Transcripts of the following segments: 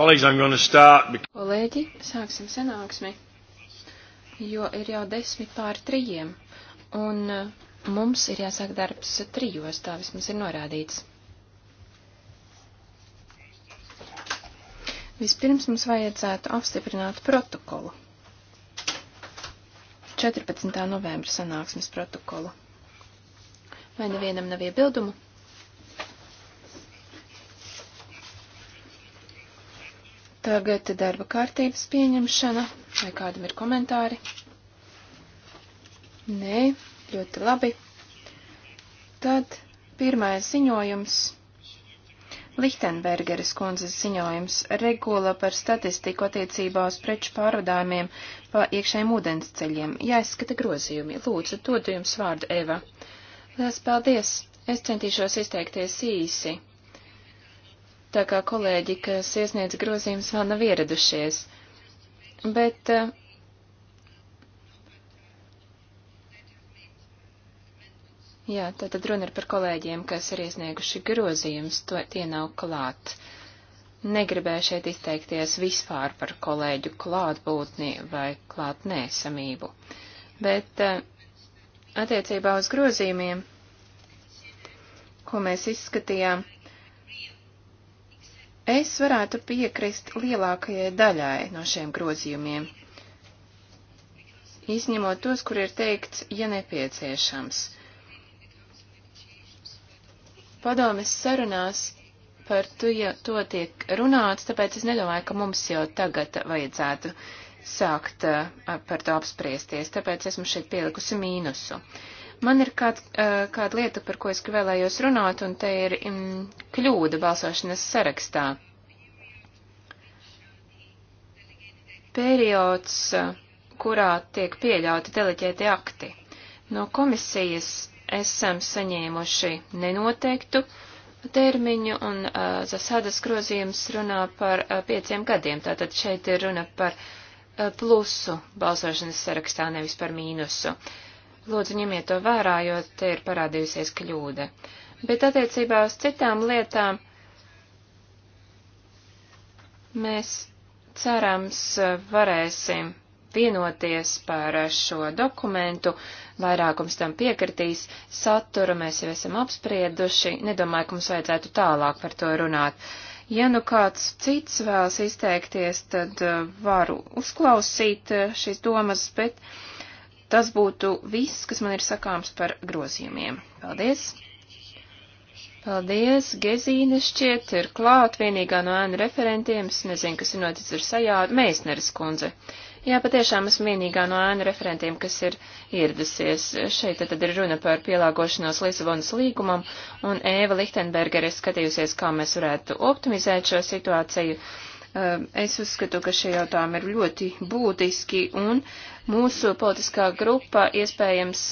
Kolēģi, sāksim sanāksmi, jo ir jau desmit pār trījiem, un uh, mums ir jāsāk darbs trijos, tā vismaz ir norādīts. Vispirms mums vajadzētu apstiprināt protokolu. 14. novembra sanāksmes protokolu. Vai nevienam nav iebildumu? Tagad darba kārtības pieņemšana. Vai kādam ir komentāri? Nē, ļoti labi. Tad pirmais ziņojums. Lichtenbergeres kundzes ziņojums regula par statistiku attiecībā uz preču pārvadājumiem pa iekšējiem ūdensceļiem. Jāizskata grozījumi. Lūdzu, dodu jums vārdu, Eva. Lielas paldies! Es centīšos izteikties īsi tā kā kolēģi, kas iesniedz grozījumus, vēl nav ieradušies. Bet eh, Jā, tātad runa ir par kolēģiem, kas ir iesnieguši grozījumus, tie nav klāt. Negribēju šeit izteikties vispār par kolēģu klātbūtni vai klātnēsamību, bet eh, attiecībā uz grozījumiem, ko mēs izskatījām, Es varētu piekrist lielākajai daļai no šiem grozījumiem, izņemot tos, kur ir teikts, ja nepieciešams. Padomes sarunās par to, ja to tiek runāts, tāpēc es nedomāju, ka mums jau tagad vajadzētu sākt uh, par to apspriesties, tāpēc esmu šeit pielikusi mīnusu. Uh, Man ir kād, kāda lieta, par ko es vēlējos runāt, un te ir mm, kļūda balsošanas sarakstā. Periods, kurā tiek pieļauti deleģēti akti. No komisijas esam saņēmuši nenoteiktu termiņu, un uh, Zasadas grozījums runā par uh, pieciem gadiem. Tātad šeit ir runa par uh, plusu balsošanas sarakstā, nevis par mīnusu. Uh, Lūdzu, ņemiet to vērā, jo te ir parādījusies kļūda. Bet attiecībā uz citām lietām mēs cerams eh, varēsim vienoties par eh, šo dokumentu, vairākums tam piekritīs, satura mēs jau esam apsprieduši, nedomāju, ka mums vajadzētu tālāk par to runāt. Ja nu kāds cits vēlas izteikties, tad eh, varu uzklausīt šīs domas, bet Tas būtu viss, kas man ir sakāms par grozījumiem. Paldies! Paldies, Gezīne šķiet ir klāt, vienīgā no ēnu referentiem, es nezinu, kas ir noticis ar sajādu, Meisneris kundze. Jā, patiešām esmu vienīgā no ēnu referentiem, kas ir ieradusies. Šeit tad ir runa par pielāgošanos Lisabonas līgumam, un Ēva Lichtenberger ir skatījusies, kā mēs varētu optimizēt šo situāciju. Uh, Um, es uzskatu, ka šie jautājumi ir ļoti būtiski un mūsu politiskā grupa iespējams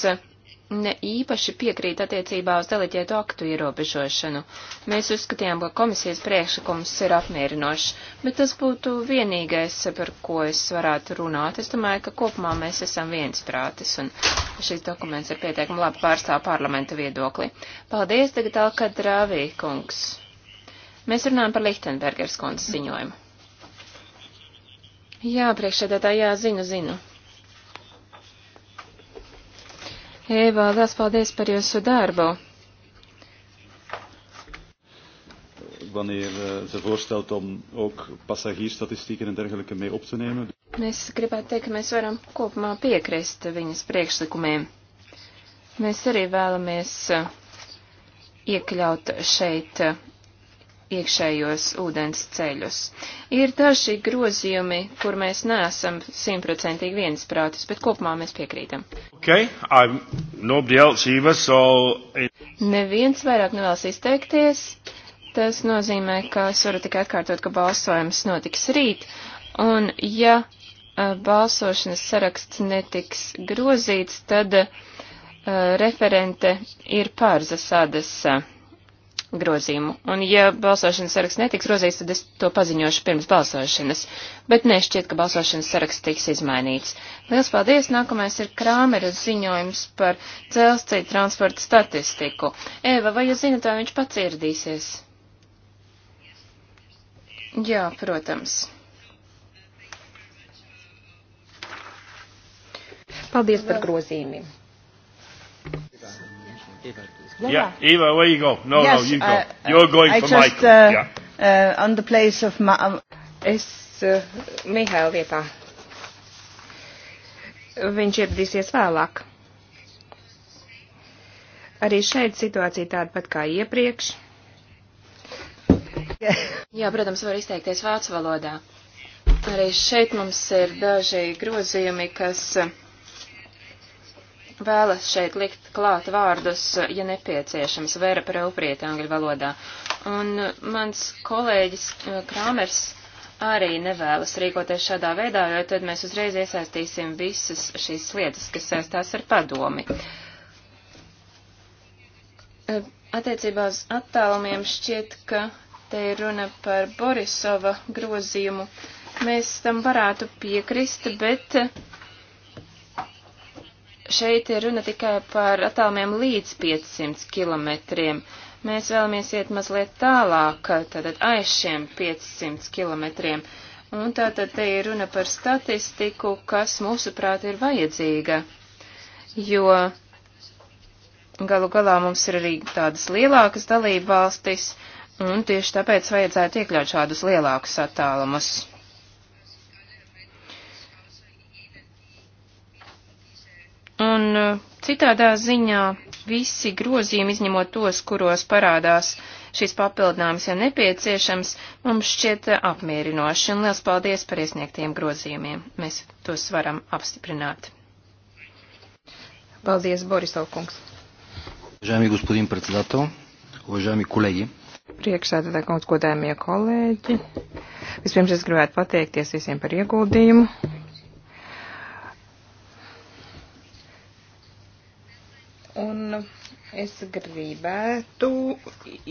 ne īpaši piekrīt attiecībā uz deleģētu aktu ierobežošanu. Mēs uzskatījām, ka komisijas priekšlikums ir apmierinošs, bet tas būtu vienīgais, par ko es varētu runāt. Es domāju, ka kopumā mēs esam viensprātis, un šis dokuments ir pietiekami labi pārstāv parlamenta viedokli. Paldies, tagad Alka Drāvī kungs. Mēs runājam par Lichtenbergers kundzes ziņojumu. Jā, priekšsēdētāji, jā, zinu, zinu. Eva, liels paldies par jūsu darbu. Wanneer uh, eh, ze voorstelt om ook passagiersstatistieken en dergelijke mee op te nemen. Mēs gribētu teikt, ka mēs varam kopumā piekrist viņas priekšlikumiem. Mēs arī vēlamies eh, iekļaut šeit eh, iekšējos ūdens ceļus. Ir daži grozījumi, kur mēs neesam simtprocentīgi viensprātis, bet kopumā mēs piekrītam. Okay, either, so... Neviens vairāk nevēlas izteikties. Tas nozīmē, ka es varu tikai atkārtot, ka balsojums notiks rīt. Un ja balsošanas saraksts netiks grozīts, tad uh, referente ir pārzasādas. Uh, grozījumu. Un ja balsošanas saraksts netiks grozīts, tad es to paziņošu pirms balsošanas. Bet nešķiet, ka balsošanas saraksts tiks izmainīts. Liels paldies! Nākamais ir Krāmeras ziņojums par dzelzceļa transporta statistiku. Eva, vai jūs zinat, vai viņš pats ieradīsies? Jā, protams. Paldies par grozījumiem. Ivar. Ivar. Yeah, yeah. yeah. Eva, where you go? No, yes, no, you go. Uh, You're uh, going I for just, Michael. Uh, yeah. uh, on the place of Ma- um, es uh, Mihaila vietā. Viņš ieradīsies vēlāk. Arī šeit situācija tāda pat kā iepriekš. Jā, protams, var izteikties vācu valodā. Arī šeit mums ir daži grozījumi, kas. Uh, vēlas šeit likt klāt vārdus, ja nepieciešams, vēra preuprieti angļu valodā. Un mans kolēģis eh, Krāmers arī nevēlas rīkoties šādā veidā, jo tad mēs uzreiz iesaistīsim visas šīs lietas, kas saistās ar padomi. Eh, attiecībā uz attālumiem šķiet, ka te ir runa par Borisova grozījumu. Mēs tam varētu piekrist, bet šeit ir runa tikai par attālumiem līdz 500 kilometriem. Mēs vēlamies iet mazliet tālāk, tātad aiz šiem 500 kilometriem. Un tātad te ir runa par statistiku, kas mūsuprāt ir vajadzīga, jo galu galā mums ir arī tādas lielākas dalība valstis, un tieši tāpēc vajadzētu iekļaut šādus lielākus attālumus. Un eh, citādā ziņā visi grozījumi, izņemot tos, kuros parādās šis papildinājums, ja nepieciešams, mums šķiet eh, apmierinoši. Un liels paldies par iesniegtiem grozījumiem. Mēs tos varam apstiprināt. Paldies, Borisov kungs. Žēmī, gospodīn predsedato, ožēmī kolēģi. Priekšsēdētāji kungs, godājumie kolēģi. Vispirms es gribētu pateikties visiem par ieguldījumu. Un es gribētu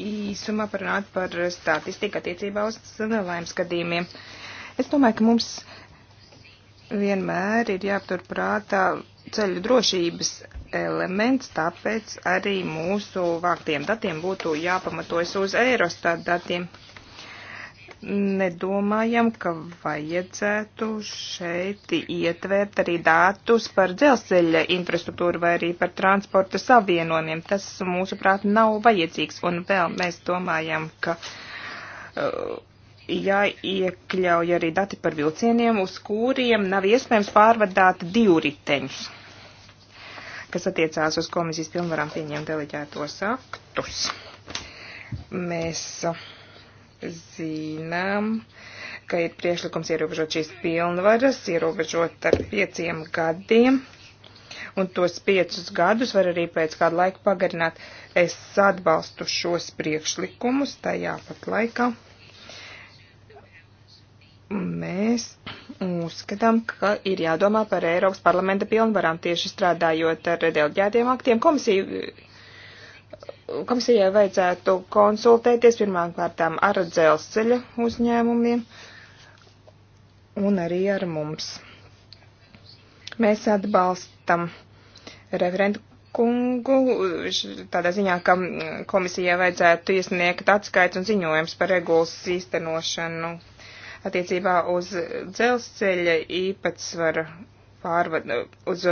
īsumā parunāt par statistiku attiecībā uz nelaimes gadījumiem. Es domāju, ka mums vienmēr ir jāaptur prātā ceļu drošības elements, tāpēc arī mūsu vāktiem datiem būtu jāpamatojas uz Eurostat datiem nedomājam, ka vajadzētu šeit ietvērt arī datus par dzelzceļa infrastruktūru vai arī par transporta savienojumiem. Tas, mūsuprāt, nav vajadzīgs. Un vēl mēs domājam, ka uh, jāiekļauj arī dati par vilcieniem, uz kuriem nav iespējams pārvadāt divriteņus, kas attiecās uz komisijas pilnvarām pieņemt deleģētos aktus. Mēs uh, zinām, ka ir priešlikums ierobežot šīs pilnvaras, ierobežot ar pieciem gadiem, un tos piecus gadus var arī pēc kādu laiku pagarināt. Es atbalstu šos priekšlikumus tajā pat laikā. Mēs uzskatām, ka ir jādomā par Eiropas parlamenta pilnvarām tieši strādājot ar delģētiem aktiem. Komisija komisijai vajadzētu konsultēties pirmām kārtām ar dzelzceļa uzņēmumiem un arī ar mums. Mēs atbalstam referentu kungu tādā ziņā, ka komisijai vajadzētu iesniegt atskaits un ziņojums par regulas īstenošanu attiecībā uz dzelzceļa īpatsvaru pārvadu, uz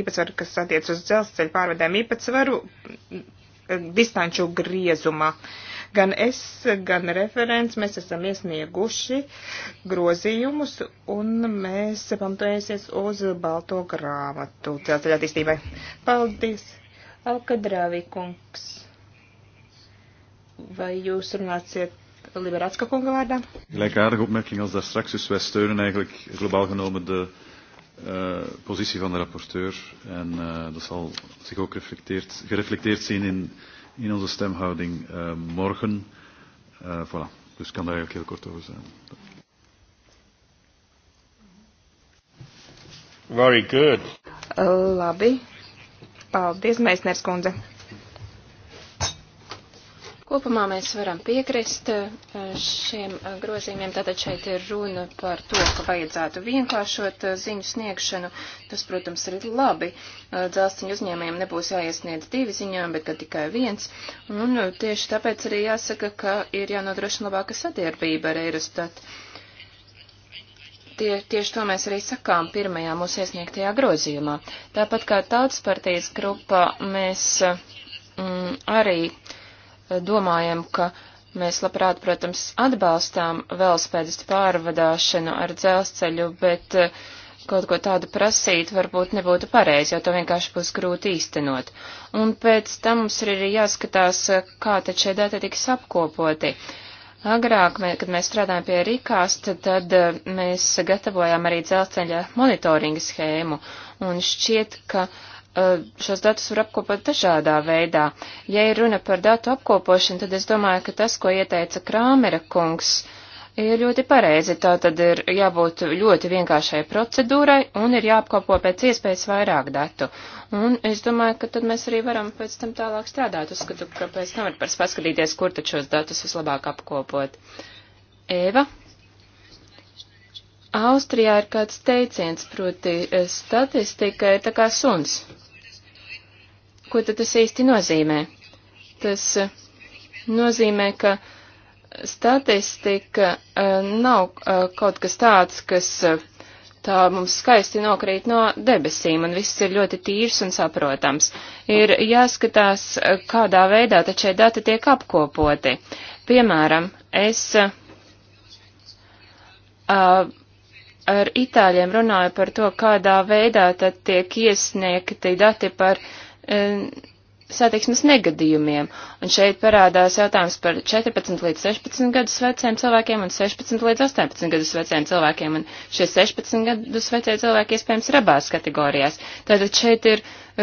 īpatsvaru, kas attiec uz dzelzceļa pārvadēm īpatsvaru distanču griezumā. Gan es, gan referents, mēs esam iesnieguši grozījumus un mēs pamatojamies uz balto grāmatu dzelzceļa attīstībai. Paldies, Alkadrāvi kungs. Vai jūs runāsiet Liberatska kunga vārdā? Gelijkaardige opmerking als daar straks, dus wij steunen eigenlijk globaal genomen de. Uh uh, positie van de rapporteur. En uh, dat zal zich ook gereflecteerd zien in, in onze stemhouding uh, morgen. Uh, voilà. Dus ik kan daar eigenlijk heel kort over zijn. Very good. Labi. Paldies, Meisners kundze. Kopumā mēs varam piekrist eh, šiem eh, grozījumiem. Tātad šeit ir runa par to, ka vajadzētu vienkāršot eh, ziņu sniegšanu. Tas, protams, ir labi. Dzelzceņu uzņēmējiem nebūs jāiesniedz divi ziņojumi, bet tikai viens. Un tieši tāpēc arī jāsaka, ka ir jānodrošina labāka sadarbība ar Eirostat. Tie, tieši to mēs arī sakām pirmajā mūsu iesniegtajā grozījumā. Tāpat kā tautas partijas grupā mēs mm, arī domājam, ka mēs labprāt, protams, atbalstām velospēdistu pārvadāšanu ar dzelzceļu, bet eh, kaut ko tādu prasīt varbūt nebūtu pareizi, jo to vienkārši būs grūti īstenot. Un pēc tam mums ir arī jāskatās, eh, kā tad šie dati tiks apkopoti. Agrāk, mē, kad mēs strādājām pie Rikāsta, tad eh, mēs gatavojām arī dzelzceļa monitoringa schēmu, un šķiet, ka uh, Uh, šos datus var apkopot dažādā veidā. Ja ir runa par datu apkopošanu, tad es domāju, ka tas, ko ieteica Krāmera kungs, ir ļoti pareizi. Tā tad ir jābūt ļoti vienkāršai procedūrai un ir jāapkopo pēc iespējas vairāk datu. Un es domāju, ka tad mēs arī varam pēc tam tālāk strādāt. Uzskatu, ka pēc tam var paskatīties, kur tad šos datus vislabāk apkopot. Eva? Austrijā ir kāds teiciens, proti eh, statistika ir tā kā suns. Ko tad tas īsti nozīmē? Tas eh, nozīmē, ka statistika eh, nav eh, kaut kas tāds, kas tā mums skaisti nokrīt no debesīm, un viss ir ļoti tīrs un saprotams. Ir jāskatās, kādā veidā tačai dati tiek apkopoti. Piemēram, es a, ar itāļiem runāju par to, kādā veidā tad tiek iesniegti dati par Um, satiksmes negadījumiem. Un šeit parādās jautājums par 14 līdz 16 gadus veciem cilvēkiem un 16 līdz 18 gadus veciem cilvēkiem. Un šie 16 gadus vecie cilvēki iespējams ir abās kategorijās. Tātad šeit ir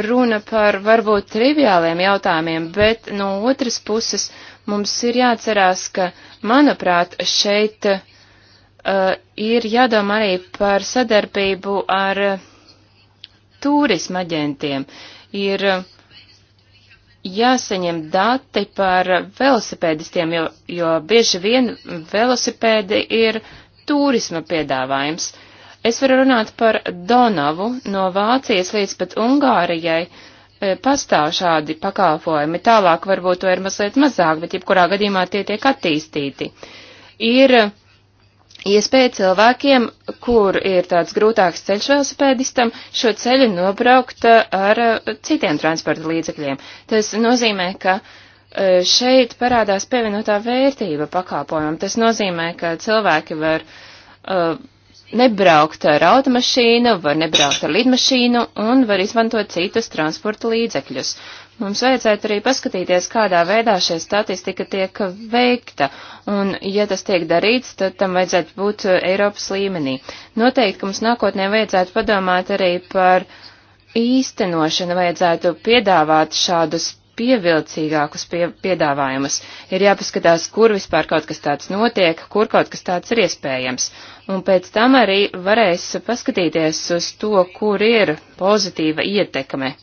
runa par varbūt triviāliem jautājumiem, bet no otras puses mums ir jāatcerās, ka, manuprāt, šeit uh, ir jādomā arī par sadarbību ar uh, turisma aģentiem. Uh, ir eh, jāsaņem dati par velosipēdistiem, jo, jo bieži vien velosipēdi ir turisma piedāvājums. Es varu runāt par Donavu no Vācijas līdz pat Ungārijai. Eh, pastāv šādi pakalpojumi, tālāk varbūt to ir mazliet mazāk, bet jebkurā gadījumā tie tiek attīstīti. Ir uh, iespēja cilvēkiem, kur ir tāds grūtāks ceļš velosipēdistam, šo ceļu nobraukt uh, ar uh, citiem transporta līdzekļiem. Tas nozīmē, ka uh, šeit parādās pievienotā vērtība pakāpojumam. Tas nozīmē, ka cilvēki var uh, nebraukt ar automašīnu, var nebraukt ar lidmašīnu un var izmantot citus transporta līdzekļus. Mums vajadzētu arī paskatīties, kādā veidā šī statistika tiek veikta, un, ja tas tiek darīts, tad tam vajadzētu būt uh, Eiropas līmenī. Noteikti, ka mums nākotnē vajadzētu padomāt arī par īstenošanu, vajadzētu piedāvāt šādus pievilcīgākus pie, piedāvājumus. Ir jāpaskatās, kur vispār kaut kas tāds notiek, kur kaut kas tāds ir iespējams. Un pēc tam arī varēs paskatīties uz to, kur ir pozitīva ietekme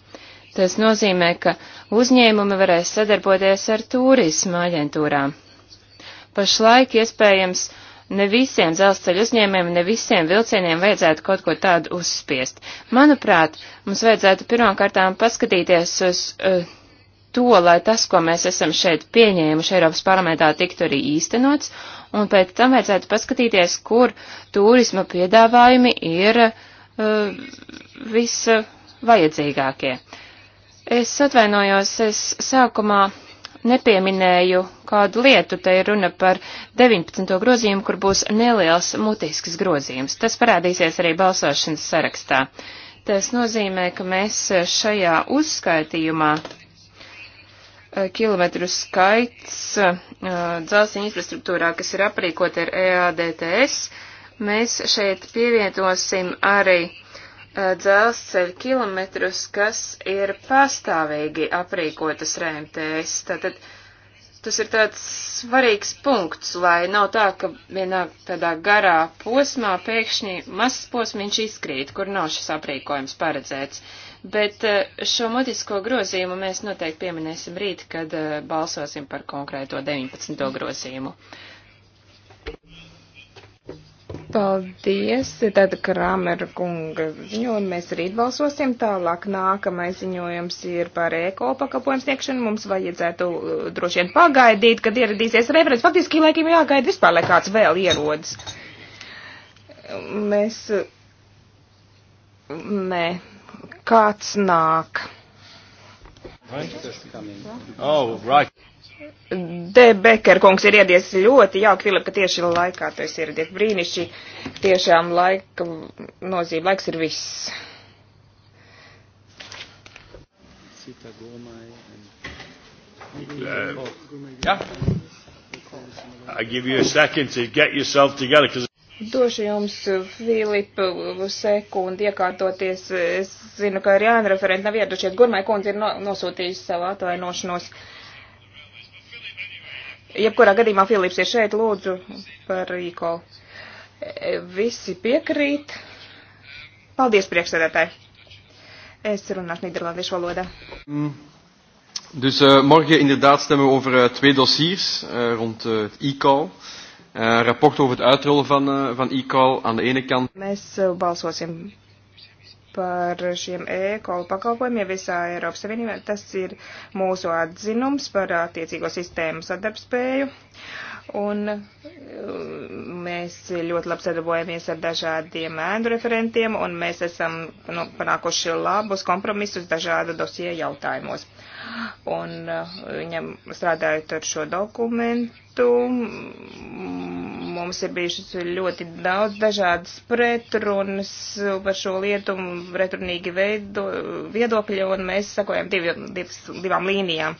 Tas nozīmē, ka uzņēmumi varēs sadarboties ar turisma aģentūrām. Pašlaik iespējams ne visiem dzelzceļa uzņēmiem, ne visiem vilcieniem vajadzētu kaut ko tādu uzspiest. Manuprāt, mums vajadzētu pirmkārtām paskatīties uz uh, to, lai tas, ko mēs esam šeit pieņēmuši Eiropas parlamentā, tiktu arī īstenots, un pēc tam vajadzētu paskatīties, kur turisma piedāvājumi ir uh, eh, visvajadzīgākie. Uh, Es atvainojos, es sākumā nepieminēju kādu lietu, te ir runa par 19. grozījumu, kur būs neliels mutisks grozījums. Tas parādīsies arī balsošanas sarakstā. Tas nozīmē, ka mēs šajā uzskaitījumā eh, kilometru skaits eh, dzelzceļa infrastruktūrā, kas ir aprīkota ar EADTS, mēs šeit pievietosim arī Uh, dzelzceļa kilometrus, kas ir pastāvīgi aprīkotas RMTS. Tātad tas ir tāds svarīgs punkts, lai nav tā, ka vienā tādā garā posmā pēkšņi mazs posmiņš izkrīt, kur nav šis aprīkojums paredzēts. Bet uh, šo modisko grozījumu mēs noteikti pieminēsim rīt, kad uh, balsosim par konkrēto 19. grozījumu. Mm. Paldies, tad Kramer kunga ziņojumu mēs rīt balsosim. Tālāk nākamais ziņojums ir par ekopakalpojumu sniegšanu. Mums vajadzētu uh, droši vien pagaidīt, kad ieradīsies referents. Faktiski laikam jāgaida vispār, lai kāds vēl ierodas. Mēs. Nē, kāds nāk. Oh, right. D. Becker kungs ir iedies ļoti jauki, Filip, ka tieši laikā tu esi ieradies brīnišķīgi. Tiešām laika nozīme, laiks ir viss. Uh, yeah. I give you a second to get yourself together. Cause... Došu jums, Filip, sekundi iekārtoties. Es zinu, ka arī ēna referenti nav ieradušies. Gurmai kundze ir no, nosūtījusi savu atvainošanos. Uh, Jebkurā gadījumā Filips ir šeit, lūdzu, par rīkolu. Visi piekrīt. Paldies, priekšsēdētāji. Es runāšu Nīderlandiešu valodā. Mm. Dus uh, morgen inderdaad stemmen we over uh, twee dossiers uh, rond uh, het e-call. Uh, rapport over het uitrollen van, uh, van e-call aan de ene kant. Mēs uh, balsosim par šiem e-kola pakalpojumiem visā Eiropas Savienībā. Tas ir mūsu atzinums par attiecīgo sistēmu sadarbspēju. Uh, Un uh, mēs ļoti labi sadarbojamies ar dažādiem ēnu referentiem, un mēs esam nu, panākuši labus kompromisus dažādu dosie jautājumos. Un uh, viņam strādājot ar šo dokumentu, mums ir bijušas ļoti daudz dažādas pretrunas par šo lietu, pretrunīgi veido, viedokļi, un mēs sakojam div, div, divām līnijām.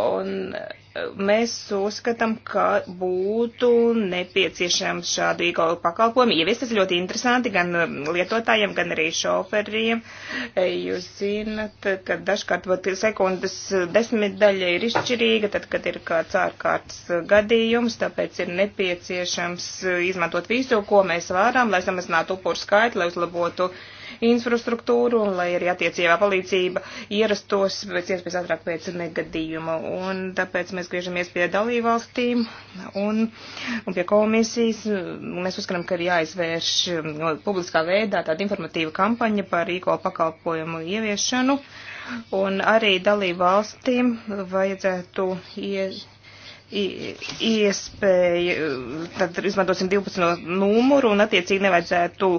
Un, uh, mēs uzskatām, ka būtu nepieciešams šādu e-galu pakalpojumu ieviest. Tas ļoti interesanti gan um, lietotājiem, gan arī šoferiem. E, jūs zinat, ka dažkārt pat sekundes uh, desmitdaļa ir izšķirīga, tad, kad ir kāds ārkārtas uh, gadījums, tāpēc ir nepieciešams uh, izmantot visu, ko mēs varam, lai samazinātu upuru skaitu, lai uzlabotu uh, infrastruktūru, un lai arī attiecīgā palīdzība ierastos pēc iespējas ātrāk pēc negadījuma. Un tāpēc mēs griežamies pie dalībvalstīm un, un pie komisijas. Mēs uzskatām, ka ir jāizvērš um, publiskā veidā tāda informatīva kampaņa par īko pakalpojumu ieviešanu. Un arī dalību valstīm vajadzētu iet iespēja, tad izmantosim 12 numuru un attiecīgi nevajadzētu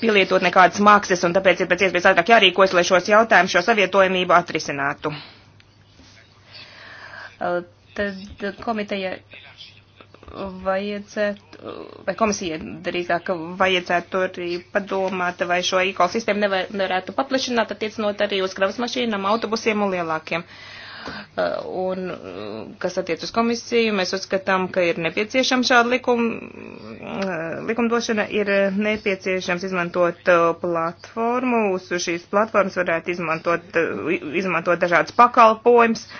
pielietot nekādas mākslas un tāpēc ir pēc iespējas ātrāk jārīkojas, lai šos jautājumus, šo savietojamību atrisinātu. Tad komiteja vajadzētu, vai komisija drīzāk vajadzētu arī padomāt, vai šo e-call sistēmu nevarētu paplašināt, attiecinot arī uz kravas mašīnām, autobusiem un lielākiem. Uh, Eh, un, mm, kas attiec uz komisiju, mēs uzskatām, ka ir nepieciešama šāda likuma, eh, likumdošana, ir nepieciešams izmantot eh, platformu, uz šīs platformas varētu izmantot, izmantot dažādas pakalpojums. Uh,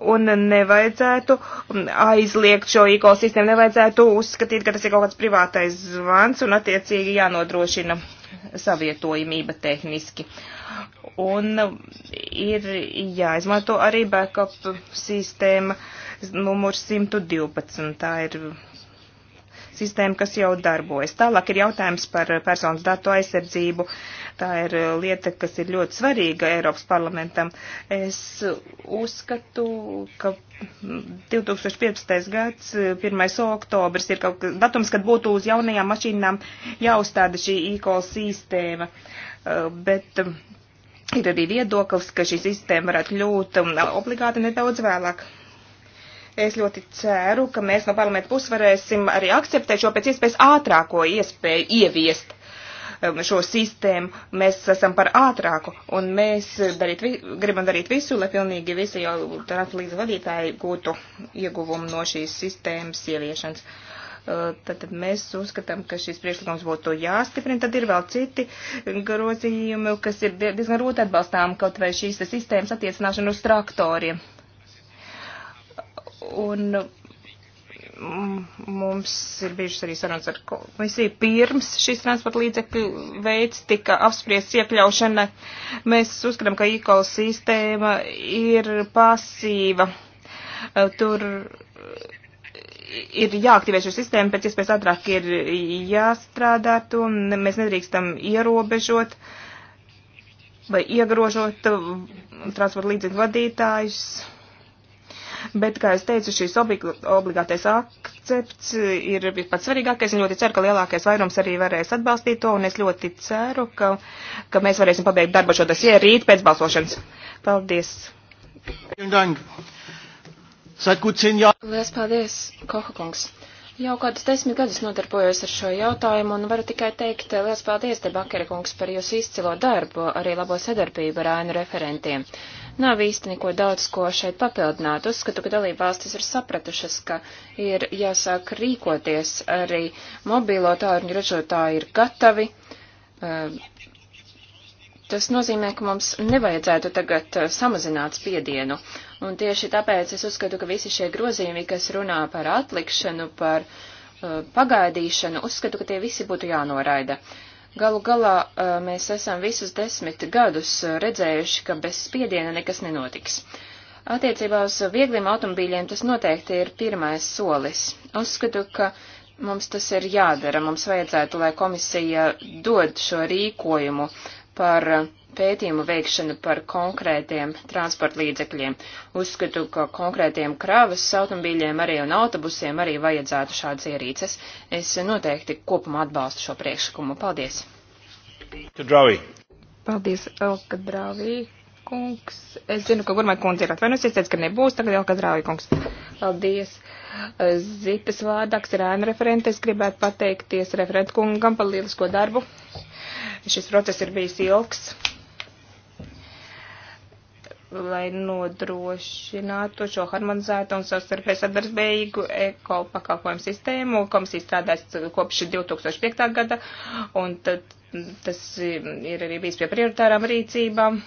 un nevajadzētu aizliegt šo ekosistēmu, nevajadzētu uzskatīt, ka tas ir kaut kāds privātais zvans un attiecīgi jānodrošina savietojamība tehniski. Un ir jāizmanto arī backup sistēma numur 112. Tā ir sistēma, kas jau darbojas. Tālāk ir jautājums par personas datu aizsardzību. Uh, Tā ir lieta, kas ir ļoti svarīga Eiropas parlamentam. Es uzskatu, ka 2015. gads, 1. oktobrs ir kaut kas datums, kad būtu uz jaunajām mašīnām jāuzstāda šī e-call sistēma. Uh, bet um, ir arī viedoklis, ka šī sistēma varētu kļūt um, obligāti nedaudz vēlāk. Es ļoti ceru, ka mēs no parlamenta puses varēsim arī akceptēt šo pēc iespējas ātrāko iespēju ieviest Um, šo sistēmu mēs esam par ātrāku, un mēs darīt, gribam darīt visu, lai pilnīgi visi jau translīdz vadītāji gūtu ieguvumu no šīs sistēmas ieviešanas. Uh, tad mēs uzskatām, ka šis priekšlikums būtu jāstiprina. Tad ir vēl citi grozījumi, kas ir diezgan rūti atbalstām, kaut vai šīs sistēmas attiecināšana uz traktoriem. Un Mm, mums ir bijušas arī sarunas ar komisiju pirms šīs transporta līdzekļu veids tika apspriests iekļaušana. Mēs uzskatām, ka e-call sistēma ir pasīva. Tur ir jāaktivē šo sistēmu, bet iespējas ātrāk ir jāstrādā to. Mēs nedrīkstam ierobežot vai iegrožot transporta līdzekļu vadītājus bet, kā es teicu, šīs obligātais akcepts ir pats svarīgākais, un ļoti ceru, ka lielākais vairums arī varēs atbalstīt to, un es ļoti ceru, ka, ka mēs varēsim pabeigt darba šo dosie rīt pēc balsošanas. Paldies! Lielas paldies, Koha kungs! Jau kādus desmit gadus nodarbojos ar šo jautājumu un varu tikai teikt liels paldies, Debakere kungs, par jūsu izcilo darbu, arī labo sadarbību ar ēnu referentiem. Nav īsti neko daudz, ko šeit papildināt. Uzskatu, ka dalībvalstis ir sapratušas, ka ir jāsāk rīkoties arī mobīlo tālruņu ražotāji ir gatavi. Ehm, tas nozīmē, ka mums nevajadzētu tagad eh, samazināt spiedienu. Un tieši tāpēc es uzskatu, ka visi šie grozījumi, kas runā par atlikšanu, par eh, pagaidīšanu, uzskatu, ka tie visi būtu jānoraida. Uh, Galu galā mēs esam visus desmit gadus redzējuši, ka bez spiediena nekas nenotiks. Attiecībā uz viegliem automobīļiem tas noteikti ir pirmais solis. Uzskatu, ka mums tas ir jādara. Mums vajadzētu, lai komisija dod šo rīkojumu par uh, pētījumu veikšanu par konkrētiem transporta līdzekļiem. Uzskatu, ka konkrētiem kravas automobīļiem arī un autobusiem arī vajadzētu šādas ierīces. Es noteikti kopumā atbalstu šo priekšlikumu. Paldies! Kadravi. Paldies, Elka Drāvī kungs. Es zinu, ka Gurmai kundze ir atvainojusies, teica, ka nebūs tagad Elka Drāvī kungs. Paldies. Zitas vārdāks ir ēna referente. Es gribētu pateikties referentu kungam par lielisko darbu. Šis process ir bijis ilgs, lai nodrošinātu šo harmonizētu un savstarpēji sadarbīgu eko pakalpojumu sistēmu. Komisija strādās kopš 2005. gada, un tad, tas ir arī bijis pie prioritārām rīcībām.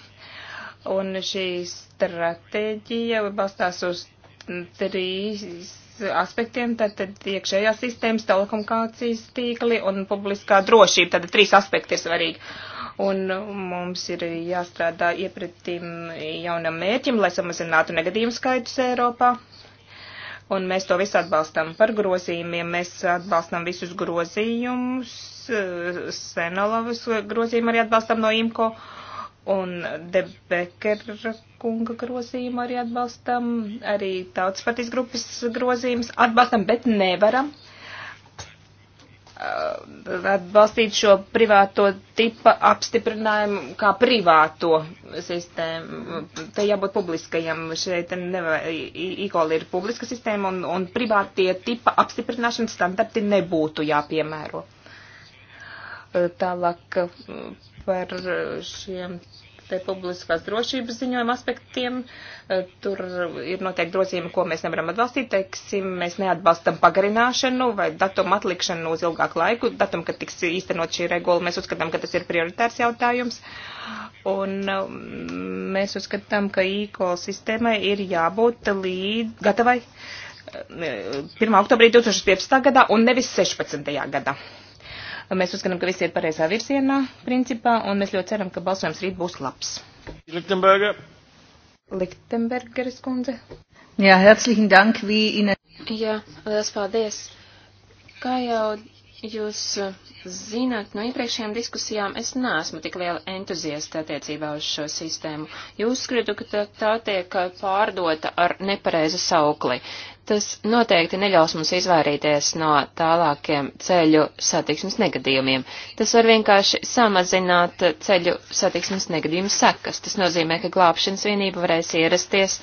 Un šī stratēģija balstās uz trīs aspektiem, tātad iekšējā sistēmas, telekomunikācijas tīkli un publiskā drošība, tātad trīs aspekti ir svarīgi. Un mums ir jāstrādā iepretim jaunam mērķim, lai samazinātu negadījumu skaitus Eiropā. Un mēs to visu atbalstam par grozījumiem. Mēs atbalstam visus grozījumus. Senalovas grozījumu arī atbalstam no IMCO. Uh, Un Debekera kunga grozījumu arī atbalstam, arī tautas partijas grupas grozījumus atbalstam, bet nevaram uh, atbalstīt šo privāto tipa apstiprinājumu kā privāto sistēmu. Te jābūt publiskajam. Šeit ikoli ir publiska sistēma un, un privātie tipa apstiprināšanas standarti nebūtu jāpiemēro. Uh, tālāk uh, par eh, šiem te publiskās drošības ziņojuma aspektiem. Eh, tur ir noteikti grozījumi, ko mēs nevaram atbalstīt. Teiksim, mēs neatbalstam pagarināšanu vai datumu atlikšanu uz ilgāku laiku. Datum, kad tiks īstenot šī regula, mēs uzskatām, ka tas ir prioritārs jautājums. Un mm, mēs uzskatām, ka e-call sistēmai ir jābūt līdz gatavai 1. Eh, oktobrī 2015. gadā un nevis 16. gadā. Mēs uzskatām, ka viss iet pareizā virzienā, principā, un mēs ļoti ceram, ka balsojums rīt būs labs. Liktenberga. Liktenbergeris kundze. Jā, herzlichen dank, wie Ihnen. Jā, liels paldies. Kā jau Jūs eh, zināt, no iepriekšējām diskusijām es neesmu tik liela entuziasta attiecībā uz šo sistēmu. Jūs skritu, ka tā tiek eh, pārdota ar nepareizu saukli. Tas noteikti neļaus mums izvairīties no tālākiem ceļu satiksmes negadījumiem. Tas var vienkārši samazināt eh, ceļu satiksmes negadījumu sekas. Tas nozīmē, ka glābšanas vienība varēs ierasties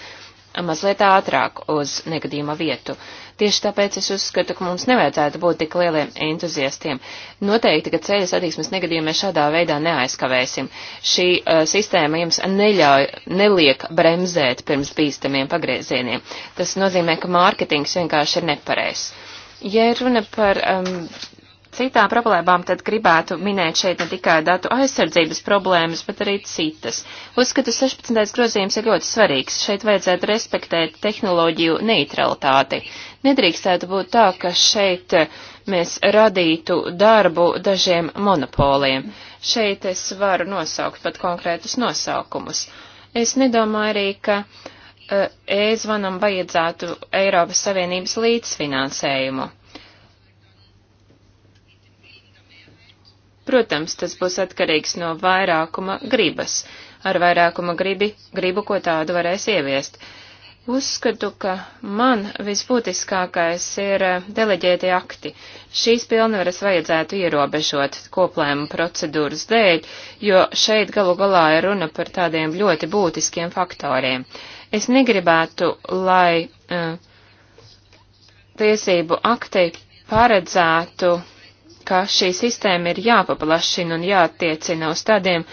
mazliet ātrāk uz negadījuma vietu. Tieši tāpēc es uzskatu, ka mums nevajadzētu būt tik lieliem entuziastiem. Noteikti, ka ceļa satiksmes negadījumu mēs šādā veidā neaizkavēsim. Šī uh, sistēma jums neļauj, neliek bremzēt pirms bīstamiem pagriezieniem. Tas nozīmē, ka mārketings vienkārši ir nepareizs. Ja runa par um, citām problēmām, tad gribētu minēt šeit ne tikai datu aizsardzības problēmas, bet arī citas. Uzskatu 16. grozījums ir ļoti svarīgs. Šeit vajadzētu respektēt tehnoloģiju neutralitāti. Nedrīkstētu būt tā, ka šeit mēs radītu darbu dažiem monopoliem. Šeit es varu nosaukt pat konkrētus nosaukumus. Es nedomāju arī, ka uh, e-zvanam vajadzētu Eiropas Savienības līdzfinansējumu. Protams, tas būs atkarīgs no vairākuma gribas. Ar vairākuma gribi, gribu, ko tādu varēs ieviest. Uzskatu, ka man visbūtiskākais ir eh, deleģēti akti. Šīs pilnvaras vajadzētu ierobežot koplēmu procedūras dēļ, jo šeit galu galā ir runa par tādiem ļoti būtiskiem faktoriem. Es negribētu, lai uh, tiesību akti paredzētu ka šī sistēma ir jāpaplašina un jāattiecina uz tādiem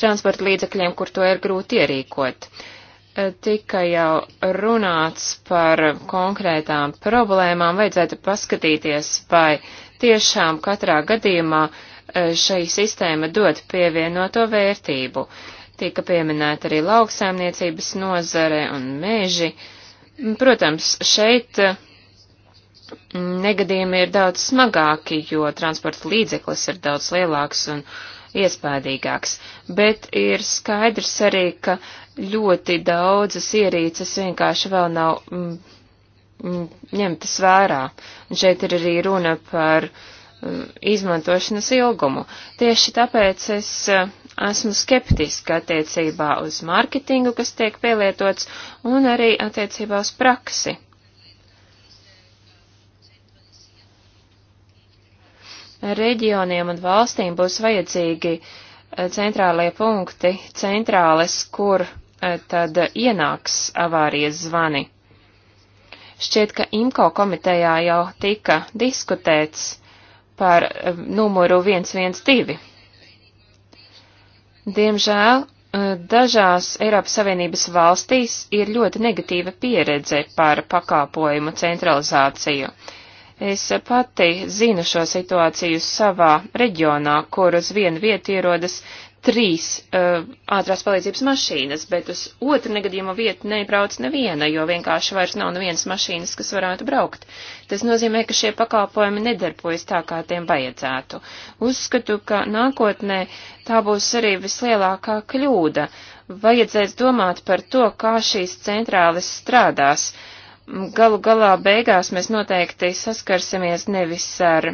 transporta līdzekļiem, kur to ir grūti ierīkot. E, Tika jau runāts par konkrētām problēmām, vajadzētu paskatīties, vai tiešām katrā gadījumā e, šī sistēma dod pievienoto vērtību. Tika pieminēta arī lauksaimniecības nozare un meži. Protams, šeit negadījumi ir daudz smagāki, jo transporta līdzeklis ir daudz lielāks un iespēdīgāks. Bet ir skaidrs arī, ka ļoti daudzas ierīces vienkārši vēl nav mm, mm, ņemtas vērā. Un šeit ir arī runa par mm, izmantošanas ilgumu. Tieši tāpēc es mm, esmu skeptiska attiecībā uz mārketingu, kas tiek pielietots, un arī attiecībā uz praksi. reģioniem un valstīm būs vajadzīgi eh, centrālie punkti, centrāles, kur eh, tad ienāks avārijas zvani. Šķiet, ka IMCO komitejā jau tika diskutēts par eh, numuru 112. Diemžēl dažās Eiropas Savienības valstīs ir ļoti negatīva pieredze par pakāpojumu centralizāciju. Es pati zinu šo situāciju savā reģionā, kur uz vienu vietu ierodas trīs uh, ātrās palīdzības mašīnas, bet uz otru negadījumu vietu nebrauc neviena, jo vienkārši vairs nav nevienas mašīnas, kas varētu braukt. Tas nozīmē, ka šie pakalpojumi nedarbojas tā, kā tiem vajadzētu. Uzskatu, ka nākotnē tā būs arī vislielākā kļūda. Vajadzēs domāt par to, kā šīs centrālis strādās. Uh, galu galā beigās mēs noteikti saskarsimies nevis ar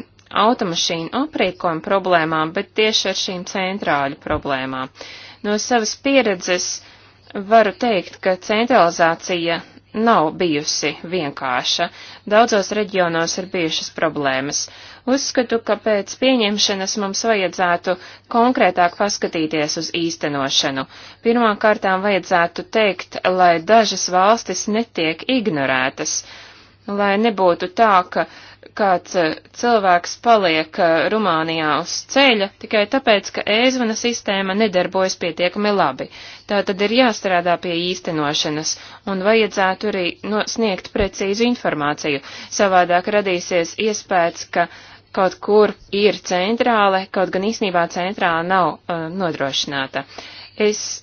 automašīnu aprīkojumu problēmām, bet tieši ar šīm centrāļu problēmām. No savas pieredzes varu teikt, ka centralizācija nav bijusi vienkārša. Daudzos reģionos ir bijušas problēmas. Uzskatu, ka pēc pieņemšanas mums vajadzētu konkrētāk paskatīties uz īstenošanu. Pirmām kārtām vajadzētu teikt, lai dažas valstis netiek ignorētas, lai nebūtu tā, ka uh, kāds eh, cilvēks paliek eh, Rumānijā uz ceļa tikai tāpēc, ka ēzvana sistēma nedarbojas pietiekami labi. Tā tad ir jāstrādā pie īstenošanas un vajadzētu arī no, sniegt precīzu informāciju. Savādāk radīsies iespējas, ka kaut kur ir centrāle, kaut gan īsnībā centrāla nav uh, nodrošināta. Es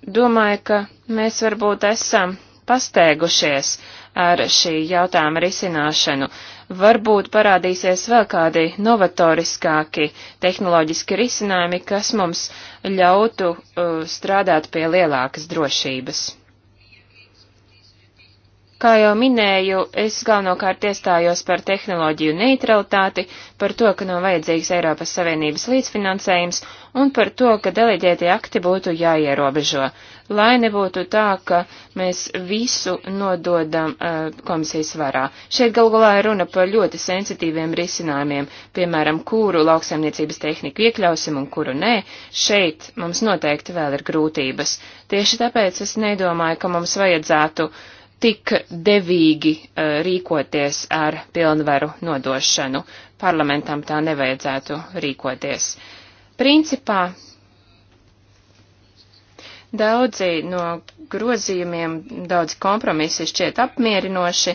domāju, ka mēs varbūt esam pasteigušies ar šī jautājuma risināšanu. Uh, varbūt parādīsies vēl kādi novatoriskāki tehnoloģiski risinājumi, kas mums ļautu uh, strādāt pie lielākas drošības. Kā jau minēju, es galvenokārt iestājos par tehnoloģiju neutralitāti, par to, ka nav vajadzīgs Eiropas Savienības līdzfinansējums un par to, ka deleģētie akti būtu jāierobežo lai nebūtu tā, ka mēs visu nododam uh, komisijas varā. Šeit galu galā ir runa par ļoti sensitīviem risinājumiem, piemēram, kuru lauksaimniecības tehniku iekļausim un kuru nē. Šeit mums noteikti vēl ir grūtības. Tieši tāpēc es nedomāju, ka mums vajadzētu tik devīgi uh, rīkoties ar pilnvaru nodošanu. Parlamentam tā nevajadzētu rīkoties. Principā Daudzi no grozījumiem, daudzi kompromisi šķiet apmierinoši,